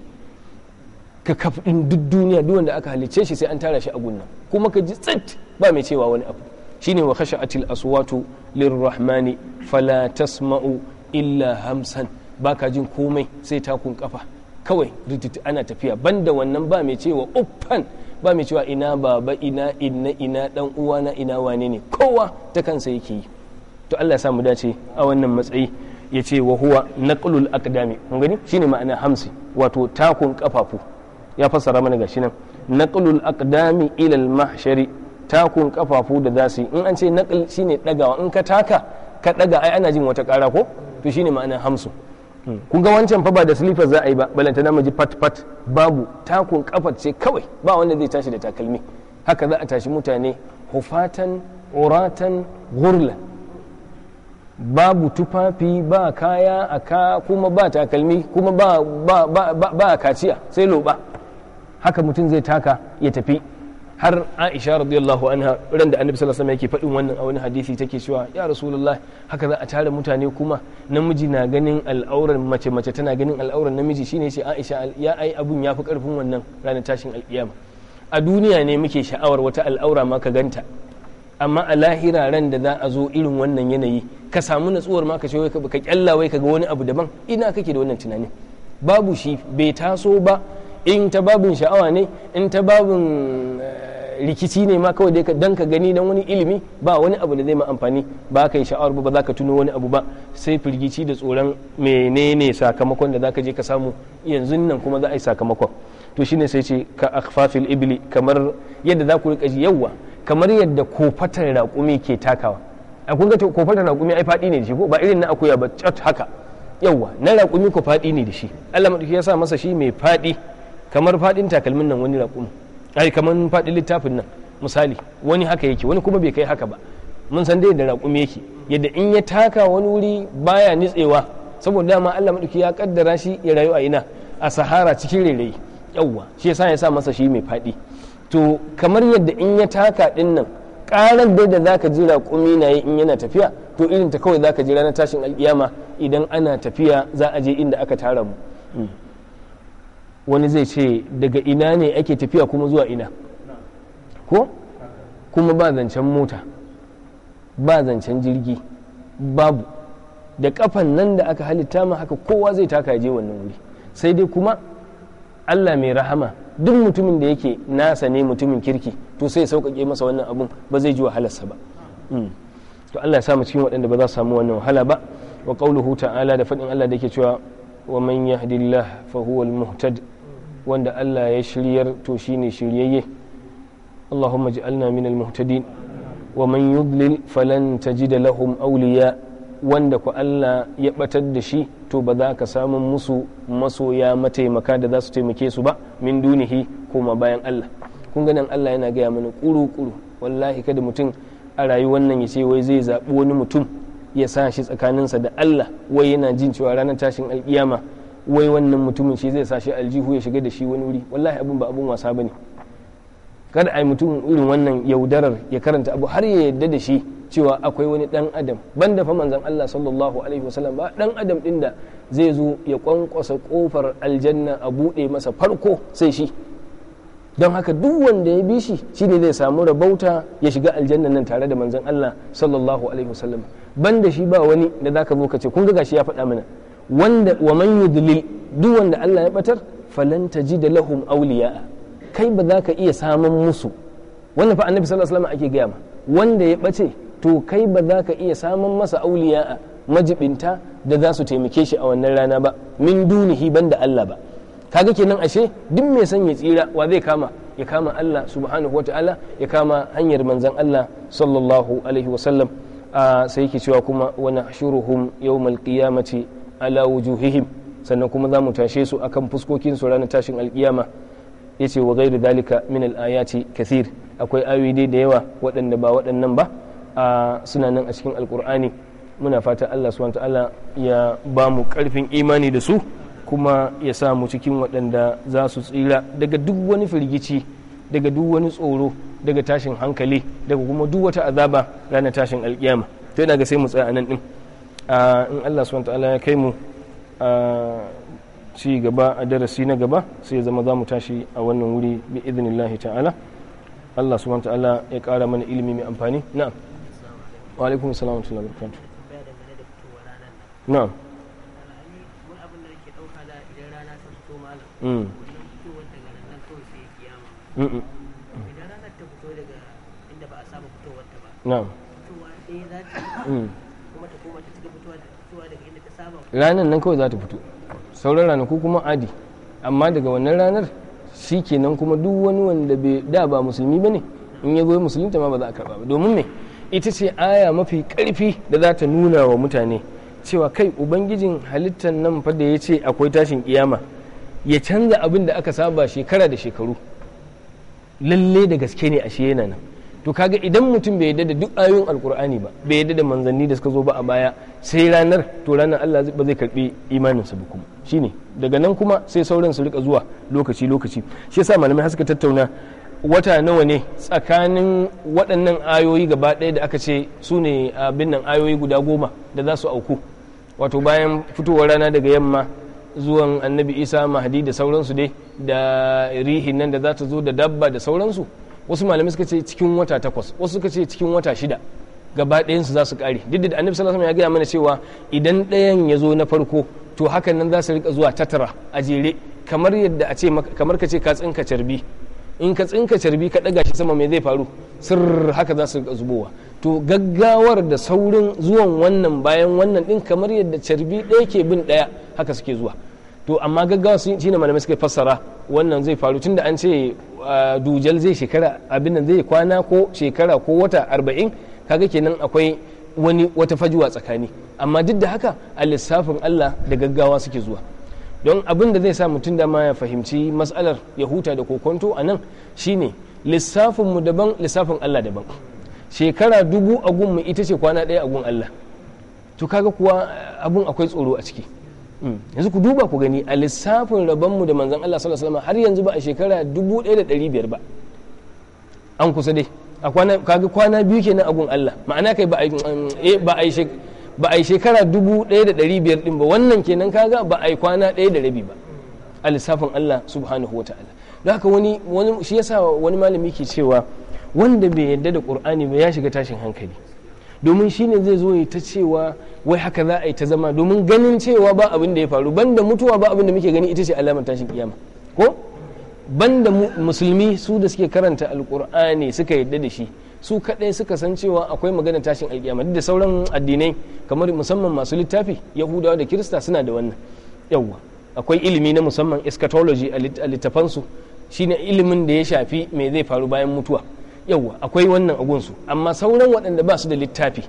ka kafin duk duniya duk wanda aka halicce shi sai an tara shi a gunna kuma ka ji tsit ba mai cewa wani abu shine wa atil aswatu lirrahmani fala tasma'u illa hamsan ka jin komai sai takun kafa kawai ridit ana tafiya banda wannan ba mai cewa uffan ba mai cewa ina baba ina inna ina dan uwana ina wane ne kowa ta kansa yake yi to Allah ya samu dace a wannan matsayi ya ce wa huwa naqlul aqdami kun gani shine ma'ana hamsi wato takun kafafu ya fassara mana gashi nan naqlul aqdami ila al mahshari takun kafafu da zasu in an ce naql shine dagawa in ka taka ka daga ai ana jin wata kara ko to shine ma'ana hamsu kun ga wancan fa ba da slipper za a yi ba balanta na ji pat pat babu takun kafa ce kawai ba wanda zai tashi da takalmi haka za a tashi mutane hufatan uratan gurla babu tufafi ba kaya a ka kuma ba takalmi kuma ba kaciya sai loba haka mutum zai taka ya tafi har aisha radiyallahu anha ran da annabi sallallahu alaihi yake faɗin wannan a wani hadisi take cewa ya rasulullah haka za a tare mutane kuma namiji na ganin al'auran mace mace tana ganin al'auran namiji shine ce aisha ya ai abun yafi karfin wannan ranar tashin alkiyama a duniya ne muke sha'awar wata al'aura ma ka ganta amma a lahira ran da za a zo irin wannan yanayi ka samu natsuwar ma ka ce ka kyalla wai ka ga wani abu daban ina kake da wannan tunanin babu shi bai taso ba in ta babin sha'awa ne in ta babin eh, rikici ne ma kawai dan ka gani dan wani ilimi ba wani abu da zai ma amfani ba ka yi sha'awar ba za ka tuno wani abu ba sai firgici da tsoron menene sakamakon da za ka je ka samu yanzu nan kuma za a yi sakamakon to shine sai ce ka akfafil ibli kamar yadda za ku rika ji yawa kamar yadda kofatar raƙumi ke takawa a kun ga kofatar raƙumi ai faɗi ne da shi ko ba irin na akuya ba cat haka yawa na raƙumi ko faɗi ne da shi Allah madauki ya sa masa shi mai faɗi kamar faɗin takalmin nan wani raƙum ai kamar faɗin littafin nan misali wani haka yake wani kuma bai kai haka ba mun san dai da raƙum yake yadda in ya taka wani wuri baya nitsewa saboda dama Allah madauki ya kaddara shi ya rayu a ina a sahara cikin rairayi yawwa shi yasa ya sa masa shi mai faɗi to kamar yadda in ya taka din nan karar dai da zaka ji raƙumi na yi in yana tafiya to irin ta kawai zaka ji ranar tashin alƙiyama idan ana tafiya za a je inda aka tara mu hmm. wani zai ce daga ina ne ake tafiya kuma zuwa ina ko kuma ba zancen mota ba zancen jirgi babu da kafan nan da aka halitta ma haka kowa zai taka je wannan wuri sai dai kuma allah mai rahama duk mutumin da yake nasa ne mutumin kirki to sai sauƙaƙe masa wannan abun ba zai ji wahalarsa ba hmm. to allah ya samu cikin waɗanda ba za su samu wannan wahala ba wa ƙauluhu ta'ala da faɗin allah da ke cewa wa fa al-muhtad wanda allah ya shiryar to shine shiryayye Allahumma ij'alna min al-muhtadin wa man yudlil falan tajida lahum awliya wanda ku Allah ya batar da shi to ba za ka samun musu masoya mataimaka da za su taimake su ba min dunihi koma bayan Allah kun ganin Allah yana gaya mana kuru kuru wallahi kada mutum a rayuwar nan ya ce wai zai zaɓi wani mutum ya sa shi tsakaninsa da Allah wai yana jin cewa ranar tashin alkiyama wai wannan mutumin shi zai sa shi aljihu ya shiga da shi wani wuri wallahi abin ba abin wasa bane kada ai mutum irin wannan yaudarar ya karanta abu har ya yadda da shi cewa akwai wani dan adam banda fa manzon Allah sallallahu alaihi wasallam ba dan adam din da zai zo ya kwankwasa kofar aljanna a bude masa farko sai shi don haka duk wanda ya bi shi shine zai samu rabauta ya shiga aljanna nan tare da manzon Allah sallallahu alaihi wasallam banda shi ba wani da zaka zo ka ce kun ga gashi ya faɗa mana wanda wa man yudlil duk wanda Allah ya batar falan tajida lahum awliya kai ba za ka iya samun musu wannan fa annabi sallallahu alaihi wasallam ake gaya ma wanda ya bace to kai ba za ka iya samun masa awliya majibinta da za su taimake shi a wannan rana ba min dunihi banda Allah ba kaga kenan ashe duk mai son ya tsira wa zai kama ya kama Allah subhanahu wa ta'ala ya kama hanyar manzan Allah sallallahu alaihi wasallam sai yake cewa kuma wa nahshuruhum yawmal qiyamati ala wujuhihim sannan kuma za mu tashe su akan fuskokin su ranar tashin alkiyama yace wa ghairu dalika min al-ayati kathir akwai ayoyi da yawa waɗanda ba waɗannan ba suna nan a cikin alkur'ani muna fata Allah subhanahu wa ta'ala ya ba mu ƙarfin imani da su kuma ya mu cikin waɗanda za su tsira daga duk wani firgici daga duk wani tsoro daga tashin hankali daga kuma duk wata azaba ranar tashin alkiyama to yana ga sai mu tsaya a nan din in Allah subhanahu ta'ala ya kai mu ci gaba a darasi na gaba sai ya zama za mu tashi a wannan wuri bi idnillahi ta'ala Allah subhanahu ta'ala ya kara mana ilimi mai amfani na'am wa alaikum wa rahmatullahi wa barakatuh na'am Mm. Mm. ranar nan kawai za ta fito sauran ko kuma adi amma daga wannan ranar shi kenan kuma duk wani wanda bai da ba musulmi ba ne in ya zo musulunta ma ba za a karba ba domin me ita ce aya mafi karfi da za ta nuna wa mutane cewa kai ubangijin halittar nan fa da ya ce akwai tashin kiyama ya canza abin da aka saba shekara da shekaru lalle da gaske ne ashe yana nan to kaga idan mutum bai yadda da duk ayoyin alkur'ani ba bai yadda da manzanni da suka zo ba a baya sai ranar to ranar Allah ba zai karbi imaninsa ba kuma shine daga nan kuma sai sauran su rika zuwa lokaci lokaci shi yasa malamai haska tattauna wata nawa ne tsakanin waɗannan ayoyi gaba ɗaya da aka ce su ne abin nan ayoyi guda goma da za su auku wato bayan fitowar rana daga yamma zuwan annabi isa mahdi da sauransu dai da rihin nan da za ta zo da dabba da sauransu wasu malamai suka ce cikin wata takwas wasu suka ce cikin wata shida gaba su za su ƙare duk da annabi sallallahu alaihi ya gaya mana cewa idan ɗayan ya zo na farko to hakan nan za su rika zuwa tattara a jere kamar yadda a ce kamar ka ce ka tsinka carbi in ka tsinka carbi ka ɗaga shi sama mai zai faru sirr haka za su rika zubowa to gaggawar da saurin zuwan wannan bayan wannan din kamar yadda carbi ɗaya ke bin ɗaya haka suke zuwa to amma gaggawa shi ne malamai suka fassara wannan zai faru tun da an ce dujal zai shekara abin nan zai kwana ko shekara ko wata arba'in kaga kenan akwai wani wata fajuwa tsakani amma duk da haka a lissafin allah da gaggawa suke zuwa don abin da zai sa mutum da ma ya fahimci matsalar ya huta da kokonto a nan shine lissafinmu daban lissafin allah daban shekara dubu a gunmu ita ce kwana ɗaya a gun Allah to kaga kuwa abun akwai tsoro a ciki mm. yanzu ku duba ku gani a lissafin rabonmu da manzan Allah sallallahu alaihi har yanzu ba a shekara dubu ɗaya da ɗari biyar ba an kusa dai a kwana kaga kwana biyu kenan a gun Allah ma'ana kai mm, eh, ba a yi shekara dubu ɗaya da ɗari biyar ɗin ba wannan kenan kaga ba a yi kwana ɗaya da rabi ba a lissafin Allah subhanahu wa ta'ala da haka wani shi yasa wani malami ke cewa wanda bai yadda da qur'ani ba ya shiga tashin hankali domin shine zai zo ya ta cewa wai haka za a yi ta zama domin ganin cewa ba abin da ya faru banda mutuwa ba abin da muke gani ita ce alamar tashin kiyama ko banda musulmi su da suke karanta alkur'ani suka yadda da shi su kadai suka san cewa akwai magana tashin alkiyama da sauran addinai kamar musamman masu littafi yahudawa da kirista suna da wannan yawwa akwai ilimi na musamman eschatology a littafansu shine ilimin da ya shafi me zai faru bayan mutuwa yawa akwai wannan agunsu amma sauran waɗanda ba su da littafi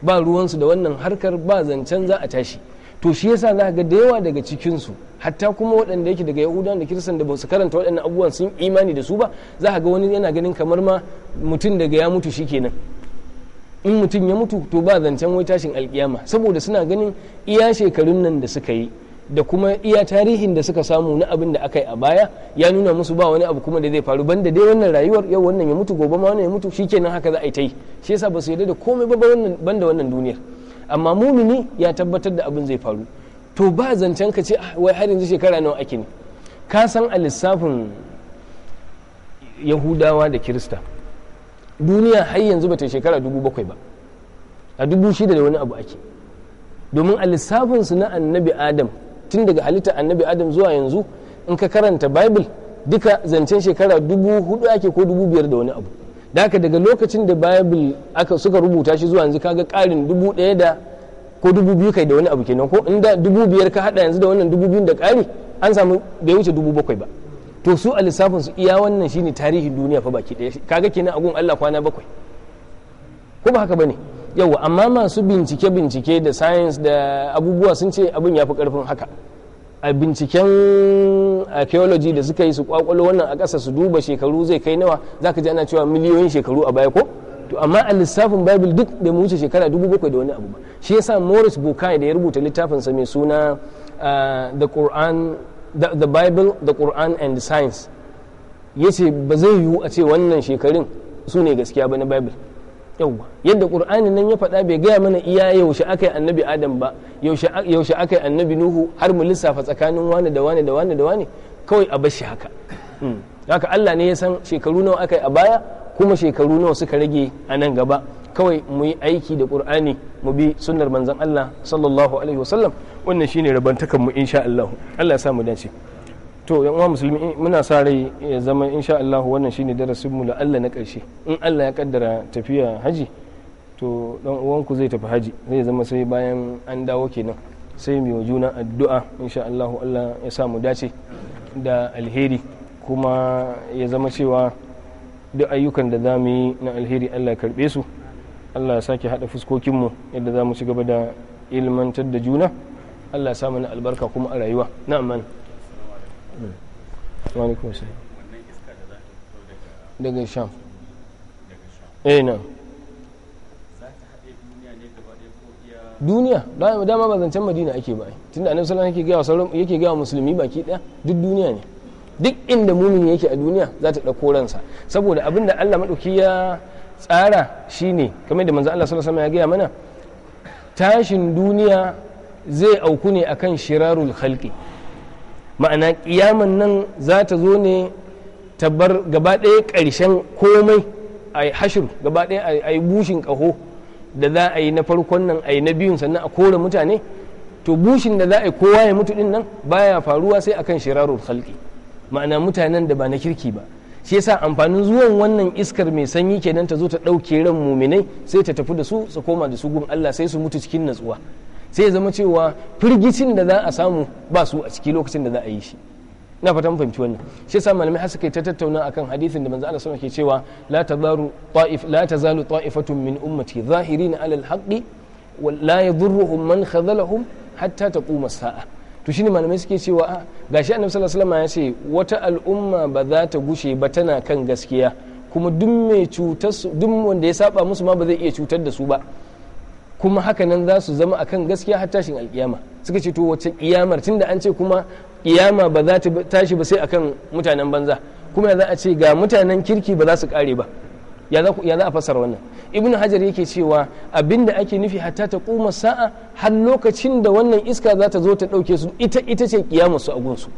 ba ruwansu da wannan harkar ba zancen za a tashi to shi yasa za ga da yawa daga cikinsu hatta kuma waɗanda yake daga yahudan da kiristan da ba su karanta waɗannan abubuwan sun imani da su ba za ga wani yana ganin kamar ma mutum daga ya mutu shi kenan in mutum ya mutu to ba zancen wai tashin alkiyama saboda suna ganin iya shekarun nan da suka yi da kuma iya tarihin da suka samu na abin da aka yi a baya ya nuna musu ba wani abu kuma da zai faru banda dai wannan rayuwar yau wannan ya mutu gobe ma wannan ya mutu shikenan haka za a yi ta yi shi yasa ba su yarda da komai ba wannan banda wannan duniyar amma mumini ya tabbatar da abin zai faru to ba zancen ka ce ah, wai har yanzu shekara nawa ake ne ka san a lissafin yahudawa da kirista duniya har yanzu bata shekara dubu bakwai ba a dubu shida da wani abu ake domin a lissafinsu na annabi adam tun daga halitta annabi adam zuwa yanzu in ka karanta bible duka zancen shekara dubu hudu ake ko dubu biyar da wani abu da haka daga lokacin da bible aka suka rubuta shi zuwa yanzu kaga karin dubu ɗaya da ko dubu biyu kai da wani abu kenan ko in da dubu biyar ka hada yanzu da wannan dubu biyun da ƙari an samu bai wuce dubu bakwai ba to su a lissafin su iya wannan shine tarihin duniya fa baki ɗaya kaga kenan agun Allah kwana bakwai ko ba haka bane yau amma masu bincike-bincike da science da abubuwa sun ce abin ya fi karfin haka a binciken archaeology da suka yi su kwakwalo wannan a ƙasa su duba shekaru zai kai nawa za ka ji ana cewa miliyoyin shekaru a baya ko to amma a lissafin bible duk da mu wuce shekara dubu bakwai da wani abu ba shi yasa morris bukai da ya rubuta littafinsa mai suna uh, the quran the, bible the quran and the science yace ba zai yiwu a ce wannan shekarun su ne gaskiya ba na bible yauwa yadda qur'ani nan ya faɗa bai gaya mana iya yaushe aka yi annabi adam ba yaushe aka yi annabi nuhu har mu lissafa tsakanin wani da wani da wani da wani kawai a bashi haka hmm. haka allah ne ya san shekaru nawa aka yi a baya kuma shekaru nawa suka rage a nan gaba kawai mu yi aiki da qur'ani mu bi sunnar manzon allah sallallahu alaihi wasallam wannan shine rabantakan mu insha allah allah ya sa mu dace to yan uwa musulmi muna sa rai ya zama insha Allah wannan shine darasin mu Allah na karshe in Allah ya kaddara tafiya haji to dan uwanku zai tafi haji zai zama sai bayan an dawo kenan sai mu yi juna addu'a insha Allah Allah ya sa mu dace da alheri kuma ya zama cewa duk ayyukan da za mu yi na alheri Allah ya karbe su Allah ya sake haɗa mu yadda za mu ci gaba da ilmantar da juna Allah ya sa mana albarka kuma a rayuwa na'am alaikum eh, duniya dama ba zancen madina ake ba tun da sallallahu yake yake musulmi baki daya duk duniya ne duk inda mumini yake a duniya za ta ɗauko ransa saboda abin da Allah maɗauki ya tsara shi ne kamar da manzan Allah sallallahu alaihi ya gaya mana tashin duniya zai auku ne akan shirarul halki ma'ana kiyaman nan za ta zo ne tabbar gaba ɗaya ƙarshen komai a yi hashir gaba ɗaya a yi bushin ƙaho da za a yi na farkon nan a yi na biyun sannan a kore mutane to bushin da za a yi kowa ya mutu din nan baya faruwa sai akan shirarul halki ma'ana mutanen da ba na kirki ba shi yasa amfanin zuwan wannan iskar mai sanyi kenan ta zo ta ɗauke ran muminai sai ta tafi da su su koma da su gun Allah sai su mutu cikin natsuwa sai ya zama cewa firgicin da za a samu ba su a ciki lokacin da za a yi shi na fatan fahimci wannan shi yasa malamai har suka ta tattauna akan hadisin da manzo Allah sallallahu alaihi wasallam ke cewa la tazaru ta'if la tazalu ta'ifatun min ummati zahirin 'ala al-haqqi wa la yadhurruhum man khadhalahum hatta taquma saa to shine malamai suke cewa a gashi annabi sallallahu alaihi wasallam ya ce wata al'umma ba za ta gushe ba tana kan gaskiya kuma duk cutar duk wanda ya saba musu ma ba zai iya cutar da su ba kuma hakanan za su zama akan gaskiya har tashin alkiyama suka ce to wacce kiyamar tunda an ce kuma kiyama ba za ta tashi ba sai akan mutanen banza kuma ya za a ce ga mutanen kirki ba za su kare ba ya za a fasar wannan ibnu hajar yake cewa abinda ake nufi hatta ta kuma sa'a har lokacin da wannan iska za ta zo ta dauke su ita ita ce kiyamar su a gunsu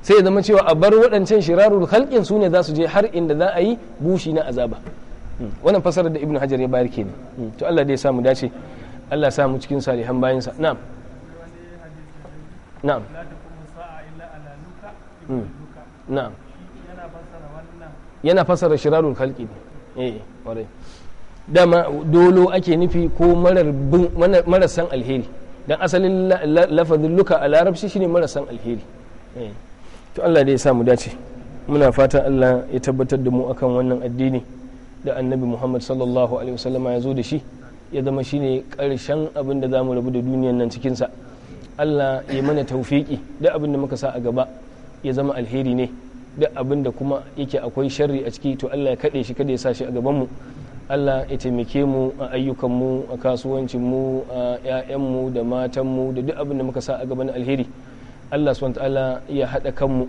sai ya zama cewa a bar waɗancan shirarul halkin su ne za su je har inda za a yi bushi na azaba wannan fasarar da ibnu hajar ya bayar kenan to Allah dai ya samu dace Allah ya samu cikin salihan bayinsa na'am na'am hmm. na'am yana fasara shirarul khalqi ne eh kwarai dama dolo ake nufi ko marasan alheri dan asalin lafazin luka a larabci shine marasan alheri eh. to Allah dai ya samu dace muna fatan Allah ya tabbatar da mu akan wannan addini da annabi muhammad sallallahu alaihi wasallama ya zo da shi ya zama shine karshen abin da za mu rabu da duniyan nan cikinsa allah ya mana taufiki da abin da muka sa a gaba ya zama alheri ne da abin da kuma yake akwai sharri a ciki to allah ya kaɗe shi kada ya sa shi a gaban mu allah ya taimake mu a ayyukan mu a kasuwancin mu a 'ya'yanmu da matanmu da duk abin da muka sa a gaban alheri allah subhanahu ta'ala ya haɗa kanmu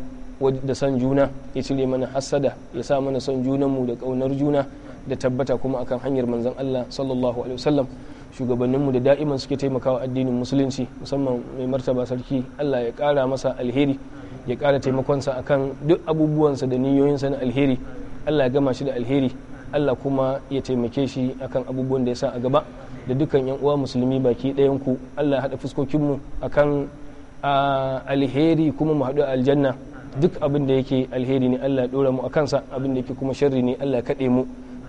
da son juna ya cire mana hasada ya sa mana son junanmu da kaunar juna da tabbata kuma akan hanyar manzon Allah sallallahu alaihi wasallam shugabanninmu da da'iman suke taimakawa addinin musulunci musamman mai martaba sarki Allah ya kara masa alheri ya kara ƙara taimakonsa akan duk abubuwansa da sa na alheri Allah ya gama shi da alheri Allah kuma ya taimake shi akan abubuwan da ya sa a gaba da dukkan yan uwa musulmi baki ɗayan ku Allah ya haɗa fuskokinmu akan ah, alheri kuma mu haɗu aljanna duk abin da yake alheri ne Allah ya dora mu a kansa abin da yake kuma sharri ne Allah ya kaɗe mu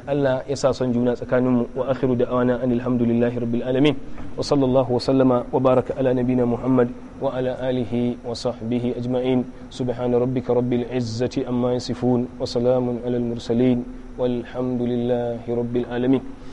Allah ya sa son juna tsakaninmu wa akhiru da awana an alhamdulillahi rabbil alamin wa sallallahu wa sallama wa baraka ala nabina muhammad wa ala alihi wa sahbihi ajma'in subhana rabbika rabbil izzati amma yasifun wa salamun ala al mursalin walhamdulillahi rabbil alamin